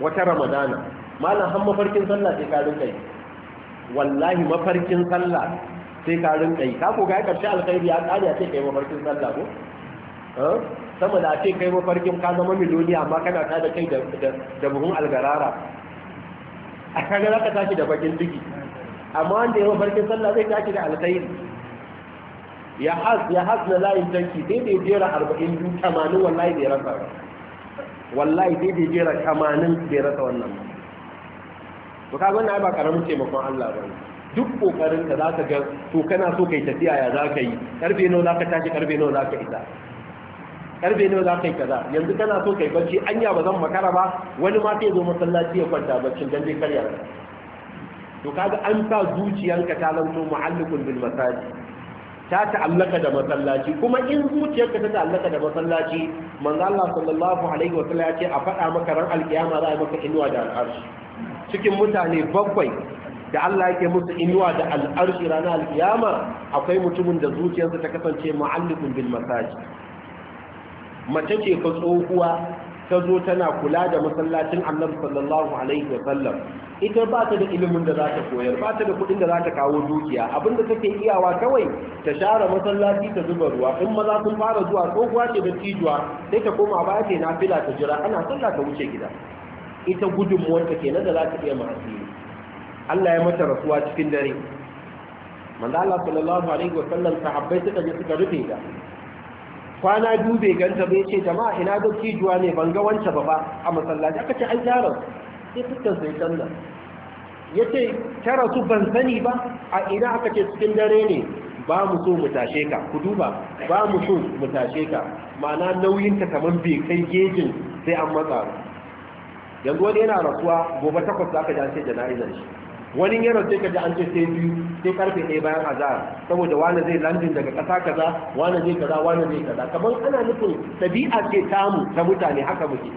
Speaker 1: wata ramadana malam har mafarkin sallah sai ka rinka yi wallahi mafarkin sallah sai ka rinka yi ka ko ga karshe alkhairi ya kare sai kai mafarkin sallah ko sama da ake kai mafarkin ka zama miliyoni amma kana ta da kai da buhun algarara a kaga za ka tashi da bakin duki amma wanda ya mafarkin sallah zai tashi da alkhairi ya has ya has na layin tanki dai da jera arba'in biyu tamanin wallahi bai rasa ba wallahi daidai-dai da jera tamanin bai rasa wannan to ka wannan ba karamin taimakon Allah ba duk kokarin ka za ka ga to kana so kai tafiya ya za ka yi karfe nawa ka tashi karfe nawa ka isa karfe nawa za ka yi kaza yanzu kana so kai bacci anya ba zan makara ba wani ma sai zo masallaci ya kwanta baccin dan zai karya to kaga an sa zuciyarka ta lanto mu'allikun bil masaji ta ta'allaka da masallaci kuma in zuciyarka ta ta'allaka da masallaci manzo Allah sallallahu alaihi wa sallam ya ce a faɗa maka ran alkiyama za a yi maka inuwa da al'arshi cikin mutane bakwai da Allah yake musu inuwa da al'arshi ranar alkiyama akwai mutumin da zuciyarsa ta kasance mu'allikun bil masaji mace ce fa tsohuwa ta zo tana kula da masallacin annabi sallallahu alaihi wa sallam ita ba ta da ilimin da za ta koyar ba ta da kuɗin da za ta kawo dukiya abinda take iyawa kawai ta share masallaci ta zuba ruwa in maza sun fara zuwa tsohuwa ce da tijuwa sai ta koma baya ta nafila ta jira ana sallah ta wuce gida ita gudunmuwar ta kenan da za ta iya ma'asiri Allah ya mata rasuwa cikin dare manzo Allah sallallahu alaihi wa sallam sahabbai suka je suka rufe ta kwana biyu bai ganta bai ce jama'a ina ga kijuwa ne ban ga wance ba ba a masallaci aka ce an gyara sai fitan sai sallah ya ce ta rasu ban sani ba a ina aka ce cikin dare ne ba mu so mu tashe ka ku duba ba mu so mu tashe ka ma'ana nauyin ta kamar bai kai gejin sai an matsa yanzu wani yana rasuwa gobe takwas za ka dace jana'izar shi wani yaron sai kaji an ce sai biyu sai karfe ɗaya bayan azahar saboda wani zai landin daga ƙasa kaza wani zai kaza wani zai kaza kamar ana nufin ɗabi'a ce tamu ta mutane haka muke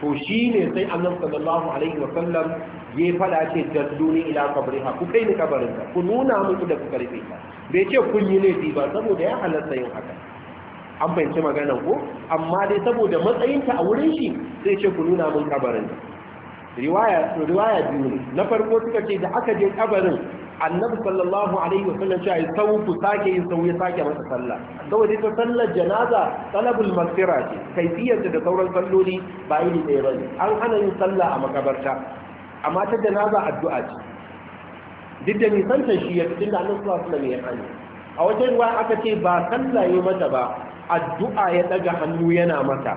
Speaker 1: to shi ne sai annabi sallallahu alaihi wa sallam ya fada ce dalluni ila qabriha ku kai ni kabarinta ku nuna muku da ku karfe ta bai ce kun yi laifi ba saboda ya halatta yin haka an fahimci magana ko amma dai saboda matsayinta a wurin shi sai ce ku nuna mun kabarinta riwaya to riwaya biyu ne na farko suka ce da aka je kabarin annabi sallallahu alaihi wa sallam sai sau ku sake yin sau ya sake masa sallah saboda ita sallar janaza talabul masira ce kaifiyar da sauran salloli ba yi ɗaya ba an hana yin sallah a makabarta amma ta janaza addu'a ce duk da ta shi ya fitin da annabi sallallahu alaihi wa sallam ya a wajen ruwa aka ce ba sallah ya mata ba addu'a ya daga hannu yana mata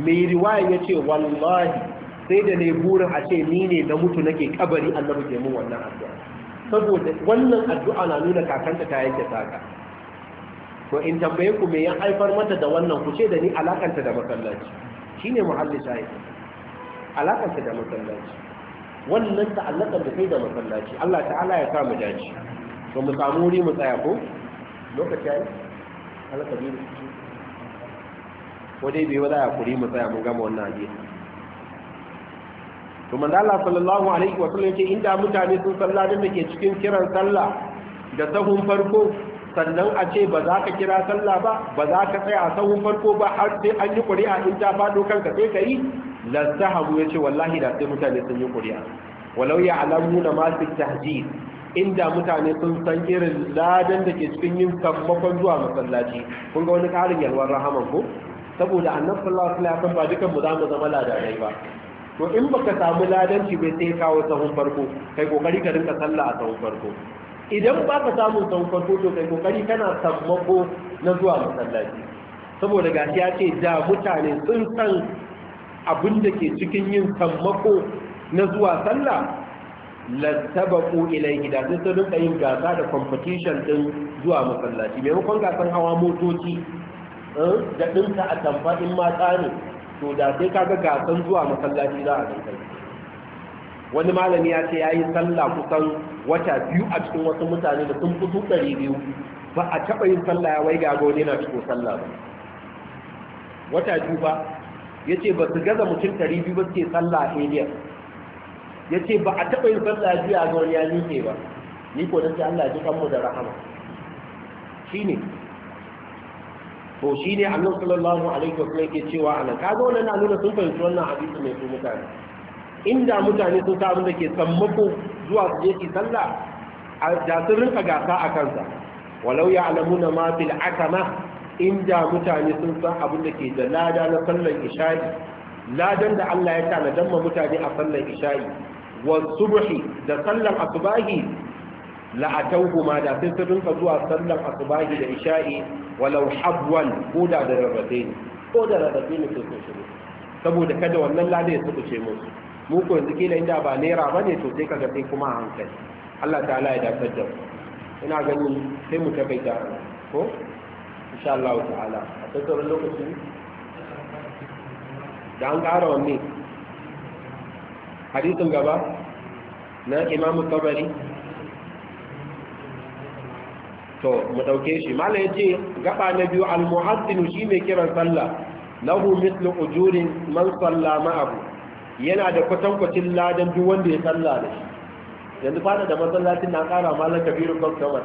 Speaker 1: mai riwaya ya ce wallahi sai da ne burin a ce ni ne da mutu nake kabari annabi ke mun wannan addu'a saboda wannan addu'a na nuna kakanta ta yake saka to in tambaye ku me ya haifar mata da wannan ku ce da ni alakanta da masallaci shine muhalli sai alakanta da masallaci wannan ta alaka da kai da masallaci Allah ta'ala ya sa mu dace to mu samu ri mu tsaya ko lokaci ai alaka biyu ko dai bai wada ya kuri mu tsaya mu gama wannan hadisi to manzo Allah sallallahu alaihi wa sallam yake inda mutane sun salla da ke cikin kiran sallah da sahun farko sannan a ce ba za ka kira sallah ba ba za ka tsaya a sahun farko ba har sai an yi ƙuri'a in ta fado kanka sai ka yi lastahabu ya ce wallahi da sai mutane sun yi ƙuri'a walau ya alamu na fi tahjid inda mutane sun san irin ladan da ke cikin yin sammakon zuwa masallaci kun ga wani karin yalwar rahaman ko saboda annabi sallallahu alaihi wasallam ba dukan mu za mu zama ladanai ba to in baka samu ladanci bai sai kawo sahun farko kai kokari ka rinka sallah a sahun farko idan ba ka samu sahun farko to kai kokari kana sammako na zuwa masallaci saboda gashi ya ce da mutane sun san abin da ke cikin yin sammako na zuwa sallah lantabaku ilaihi da sun sun rinka yin gasa da competition din zuwa masallaci maimakon gasan hawa motoci eh, da ɗinka a tamfa in mata ne to da sai kaga gasan zuwa masallaci za a kai wani malami ya ce yayi sallah kusan wata biyu a cikin wasu mutane da sun fito ɗari biyu ba a taɓa yin sallah ya wai ga gode na cikin sallah ba wata biyu ba ya ce ba su gaza mutum ɗari biyu ba suke sallah a aliyar ya ce ba a taɓa yin sallah biyu a ga wani ya nike ba ni ko dan Allah ya ji kanmu da rahama shine to shi ne annabi sallallahu alaihi wa sallam ke cewa ana kaga wannan na nuna sun fahimci wannan hadisi mai su mutane inda mutane sun samu da ke sammako zuwa su je su sallah da sun rinka gasa a kansa walau ya alamuna ma fil akama inda mutane sun san abin da ke da lada na sallar isha'i ladan da Allah ya tana ma mutane a sallar isha'i wa subhi da sallar asubahi la'atauhu ma da sai su rinka zuwa sallan asubahi da isha'i walau habwan ko da da rarrafe ne ko da rarrafe ne sai sun shigo saboda kada wannan lalai ya sukuce musu mu ko yanzu kila inda ba naira ba ne to sai kaga sai kuma a hankali Allah ta'ala ya dakatar da ina ganin sai mu ta baita ko insha Allah ta'ala a tsakanin lokacin da an ƙara wanne hadisin gaba na imamu tabari to mu dauke shi mala yace gaba na biyu al muhaddin shi mai kiran sallah lahu mithlu ujurin man salla ma'ahu yana da kwatankwacin ladan duk wanda ya salla da shi yanzu fara da masallacin na kara malan kabiru kan kamar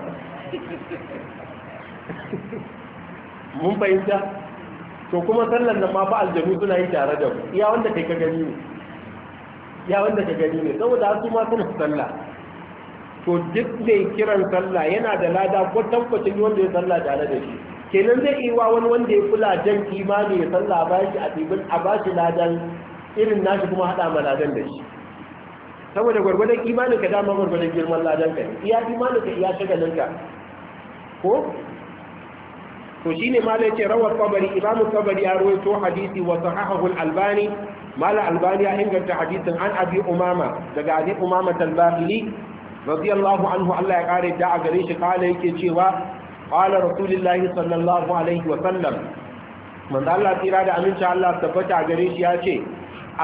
Speaker 1: mun fahimta to kuma sallan nan ma ba aljanu suna yi tare da mu iya wanda kai ka gani ne iya wanda ka gani ne saboda su ma suna sallah to duk mai kiran sallah yana da lada ko tabbacin wanda ya sallah tare da shi kenan zai iya wani wanda ya kula jan kimani ya sallah ba shi a tibin a ba shi ladan irin nashi kuma hada ma ladan da shi saboda gwargwadon imanin ka dama gwargwadon girman ladan ka iya imanin ka iya shagalin ka ko to shine malai ce rawar kabari imamu kabari ya rawaito hadisi wa sahahahu albani mala albani ya inganta hadisin an abi umama daga abi umama talbahili radiyallahu anhu Allah ya kare da a gare shi kala yake cewa qala rasulullahi sallallahu alaihi wa sallam manzo tsira da aminci Allah tabbata a gare shi ya ce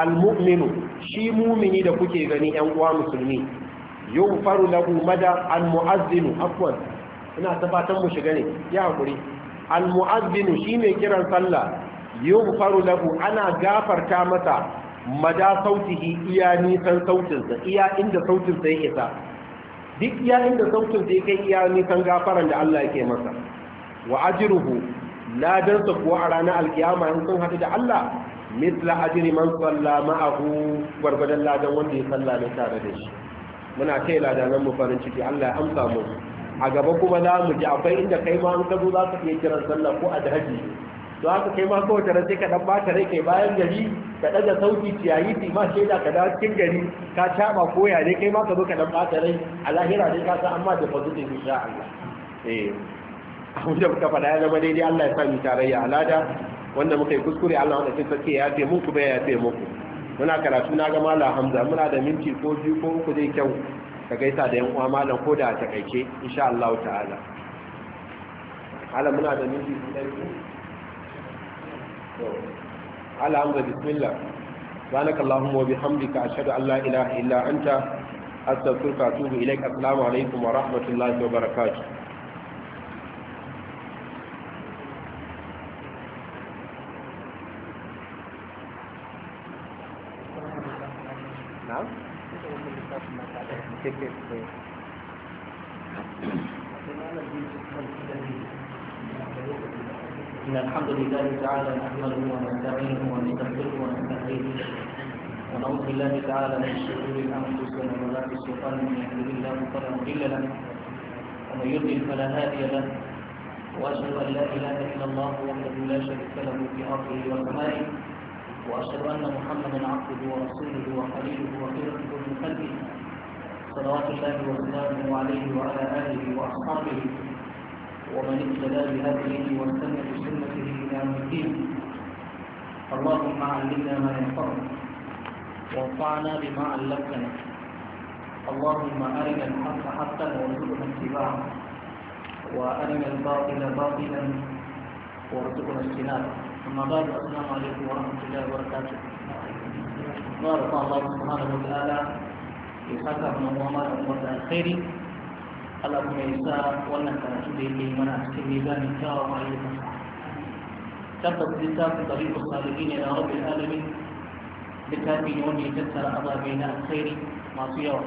Speaker 1: almu'minu shi mumini da kuke gani yan uwa musulmi yughfaru lahu mada almu'azzinu afwan ina tabbatan mu shiga ne ya hakuri almu'azzinu shi mai kiran sallah yughfaru lahu ana gafarta masa mada sautihi iya iya inda sautinsa ya isa duk ya inda sautin zai kai iya nisan gafaran da Allah yake masa wa ajruhu ladansa kuwa a ranar alkiyama in sun haɗu da Allah misla ajri man salla ma'ahu gwargwadon ladan wanda ya salla ne tare da shi muna kai ladanan mu farin ciki Allah ya amsa mu a gaba kuma za mu ji akwai inda kai ma an ka za ka iya kiran sallah ko a daji to haka kai ma kowace ran sai ka dan bata rai kai bayan gari ka daga sauki ciyayi ti ma shaida ka da cikin gari ka caba koya dai kai ma ka zo ka dan bata rai a lahira dai ka san amma da da insha Allah eh abin da muka faɗa ya zama dai Allah ya sa mu tarayya alada wanda muka yi kuskure Allah wanda sai sake ya ce muku bai ya ce muku muna karatu na ga malam Hamza muna da minti ko biyu ko uku dai kyau ka gaisa da yan uwa malam ko da a kaice insha Allah ta'ala ala muna da minti ko alhamdu bismillah subhanaka allahumma wa bihamdika ashhadu an la ilaha illa anta astaghfiruka
Speaker 2: إن الحمد لله تعالى نحمده ونستعينه ونستغفره ونستهديه ونعوذ بالله تعالى من شرور أنفسنا وذات السلطان من يهده الله فلا مضل له ومن يضلل فلا هادي له وأشهد أن لا إله إلا الله وحده لا شريك له في أرضه وسمائه وأشهد أن محمدا عبده ورسوله وخليله وخيرته من خلقه صلوات الله وسلامه عليه وعلى آله وأصحابه ومن اهتدى بهديه واستنى بسنته الى يوم الدين اللهم علمنا ما ينفعنا وانفعنا بما علمتنا اللهم ارنا الحق حقا وارزقنا اتباعه وارنا الباطل باطلا وارزقنا اجتنابه اما بعد السلام عليكم ورحمه الله وبركاته بارك الله سبحانه وتعالى يسعدكم الله ومرة الخير Allah kuma ya sa wannan karatu da yake mana cikin mizanin kyawawan ayyukan tabbas littafin tariqu salihin ila rabbil alamin littafi ne wanda ya tattara ababe na alkhairi masu yawa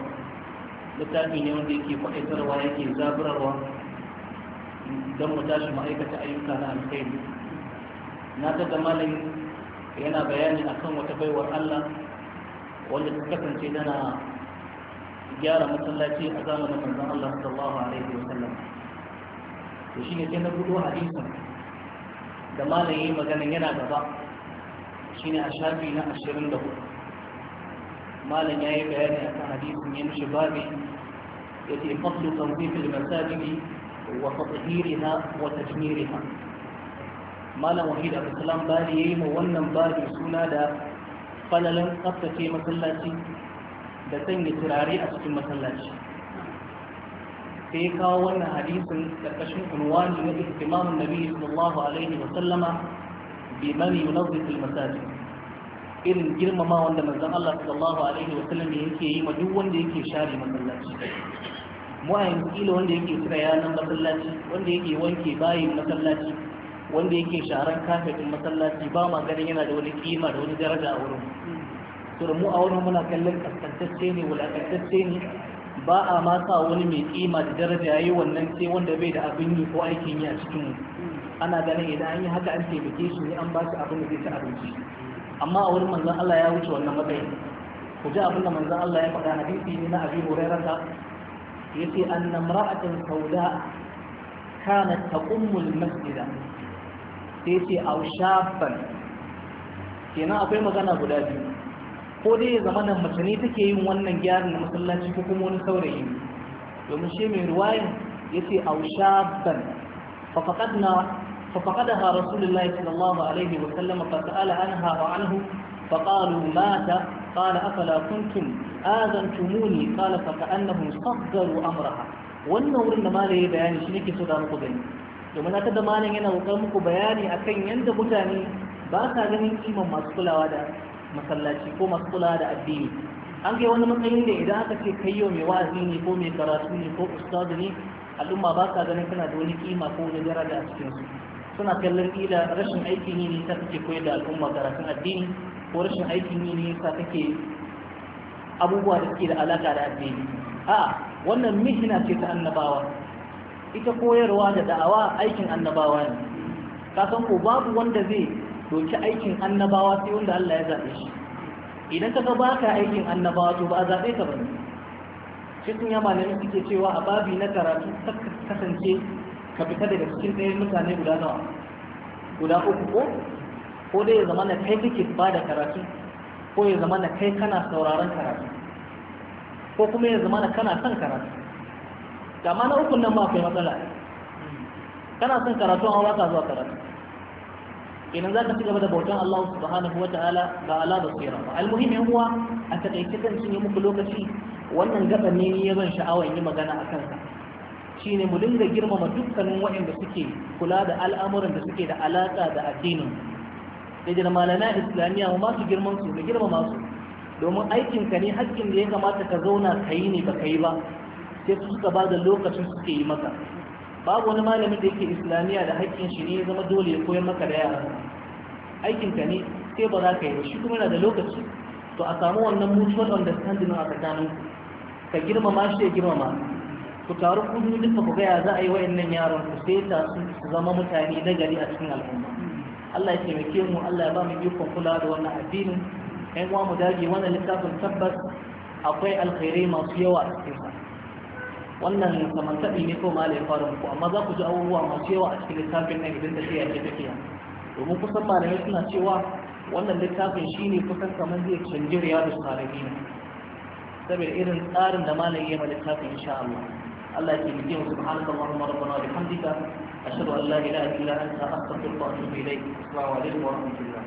Speaker 2: littafi ne wanda yake faɗaitarwa yake zaburarwa don mu tashi ma'aikata ayyuka na alkhairi na ta da yana bayani akan wata baiwar Allah wanda ta kasance tana gyara masallaci a zamanin manzon Allah sallallahu alaihi wa sallam to shine sai na gudu hadisin da malayi magana yana gaba shine a shafi na 24 malam yayi bayani akan hadisin yan shababi yace fadlu tanzif al-masajid wa tatheerha wa tajmirha malam wahid abdulsalam bari yayi ma wannan bali suna da falalan tsaftace masallaci da sanya turare a cikin masallaci sai ya kawo wannan hadisin karkashin unwani na ihtimamun nabi sallallahu alaihi wa sallama bi man yunazzifu al-masajid irin girmama wanda manzon Allah sallallahu alaihi wa sallam yake yi ma duk wanda yake share masallaci mu a yanzu kila wanda yake tsira yanan masallaci wanda yake wanke bayin masallaci wanda yake sharan kafetin masallaci ba ma ganin yana da wani kima da wani daraja a wurin to mu a wani muna kallon kaskantacce ne wulakantacce ne ba a masa wani mai kima da daraja yayi wannan sai wanda bai da abin yi ko aikin yi a cikin mu ana ganin idan an yi haka an taimake shi ne an ba shi abin da zai ci abinci amma a wurin manzon Allah ya wuce wannan matsayi ku ji abin da manzon Allah ya faɗa hadisi ne na Abi Hurairah ta yace anna mar'atan sauda kanat taqummu al-masjida sai ce kenan akwai magana guda biyu ko dai ya zama nan mace ne take yin wannan gyaran na masallaci ko kuma wani saurayi domin shi mai ruwayin ya ce a shabban ففقدها رسول الله صلى الله عليه وسلم فسأل عنها وعنه فقالوا مات قال أفلا كنتم آذنتموني قال فكأنهم صدروا أمرها wannan wurin da malai ya bayani shi nake so da muku gani domin na da malam yana kokar muku bayani akan yanda mutane ba sa ganin kiman masu kulawa da masallaci ko masu kula da addini an kai wani matsayin da idan aka ce kai yau mai wa'azi ne ko mai karatu ne ko ustadu ne al'umma ba ka ganin kana da wani kima ko wani daraja a cikin su suna kallon ila rashin aiki ne ne ta kake koyar da al'umma karatun addini ko rashin aiki ne ne ta kake abubuwa da suke da alaka da addini a wannan mihina ce ta annabawa ita koyarwa da da'awa aikin annabawa ne kasan ko babu wanda zai doki aikin annabawa sai wanda Allah ya zaɓe shi idan ka ba ka aikin annabawa to ba a zaɓe ka ba ne shi sun yama ne suke cewa a babi na karatu kasance ka fita daga cikin ɗayan mutane guda nawa guda uku ko ko dai ya zama na kai kake ba da karatu ko ya zama na kai kana sauraron karatu ko kuma ya zama na kana son karatu da ma na ukun nan ma akwai matsala kana son karatu amma ba ka zuwa karatu idan za ka ci gaba da bautan Allah subhanahu wa ta'ala ba ala basira ba huwa a takaice kan cinye muku lokaci wannan gaban ne ni ya zan sha'awa in yi magana a kansa shine mu dinga girmama dukkanin waɗanda suke kula da al'amuran da suke da alaƙa da addinin da jira malana islamiyya mu masu girman su mu girmama su domin aikin ka ne haƙƙin da ya kamata ka zauna ka yi ne ba ka yi ba sai su suka ba da lokacin suke yi maka babu wani malami da yake Islamiya da haƙƙin shi ne ya zama dole ya koyar maka da yara aikinka ne sai ba za ka yi ba shi kuma yana da lokaci to a samu wannan mutual understanding a tsakanin ka girmama shi ya girmama ku taru kudu duka ku gaya za a yi wa'annan yaran ku sai ta su zama mutane na gari a cikin al'umma Allah ya taimake mu Allah ya ba mu ikon kula da wannan addinin ɗan uwa mu dage wannan littafin tabbas akwai alkhairai masu yawa a cikinsa wannan kamar ne ko malai fara muku amma za ku ji abubuwa masu yawa a cikin littafin nan idan tafiya ce tafiya domin kusan malamai suna cewa wannan littafin shi ne kusan kamar zai canji riyadu salihi ne saboda irin tsarin da malai ya ma littafin insha Allah Allah ya taimake mu subhanaka allahumma rabbana wa bihamdika ashhadu an a ilaha illa anta astaghfiruka wa atubu ilayk assalamu alaikum wa rahmatullah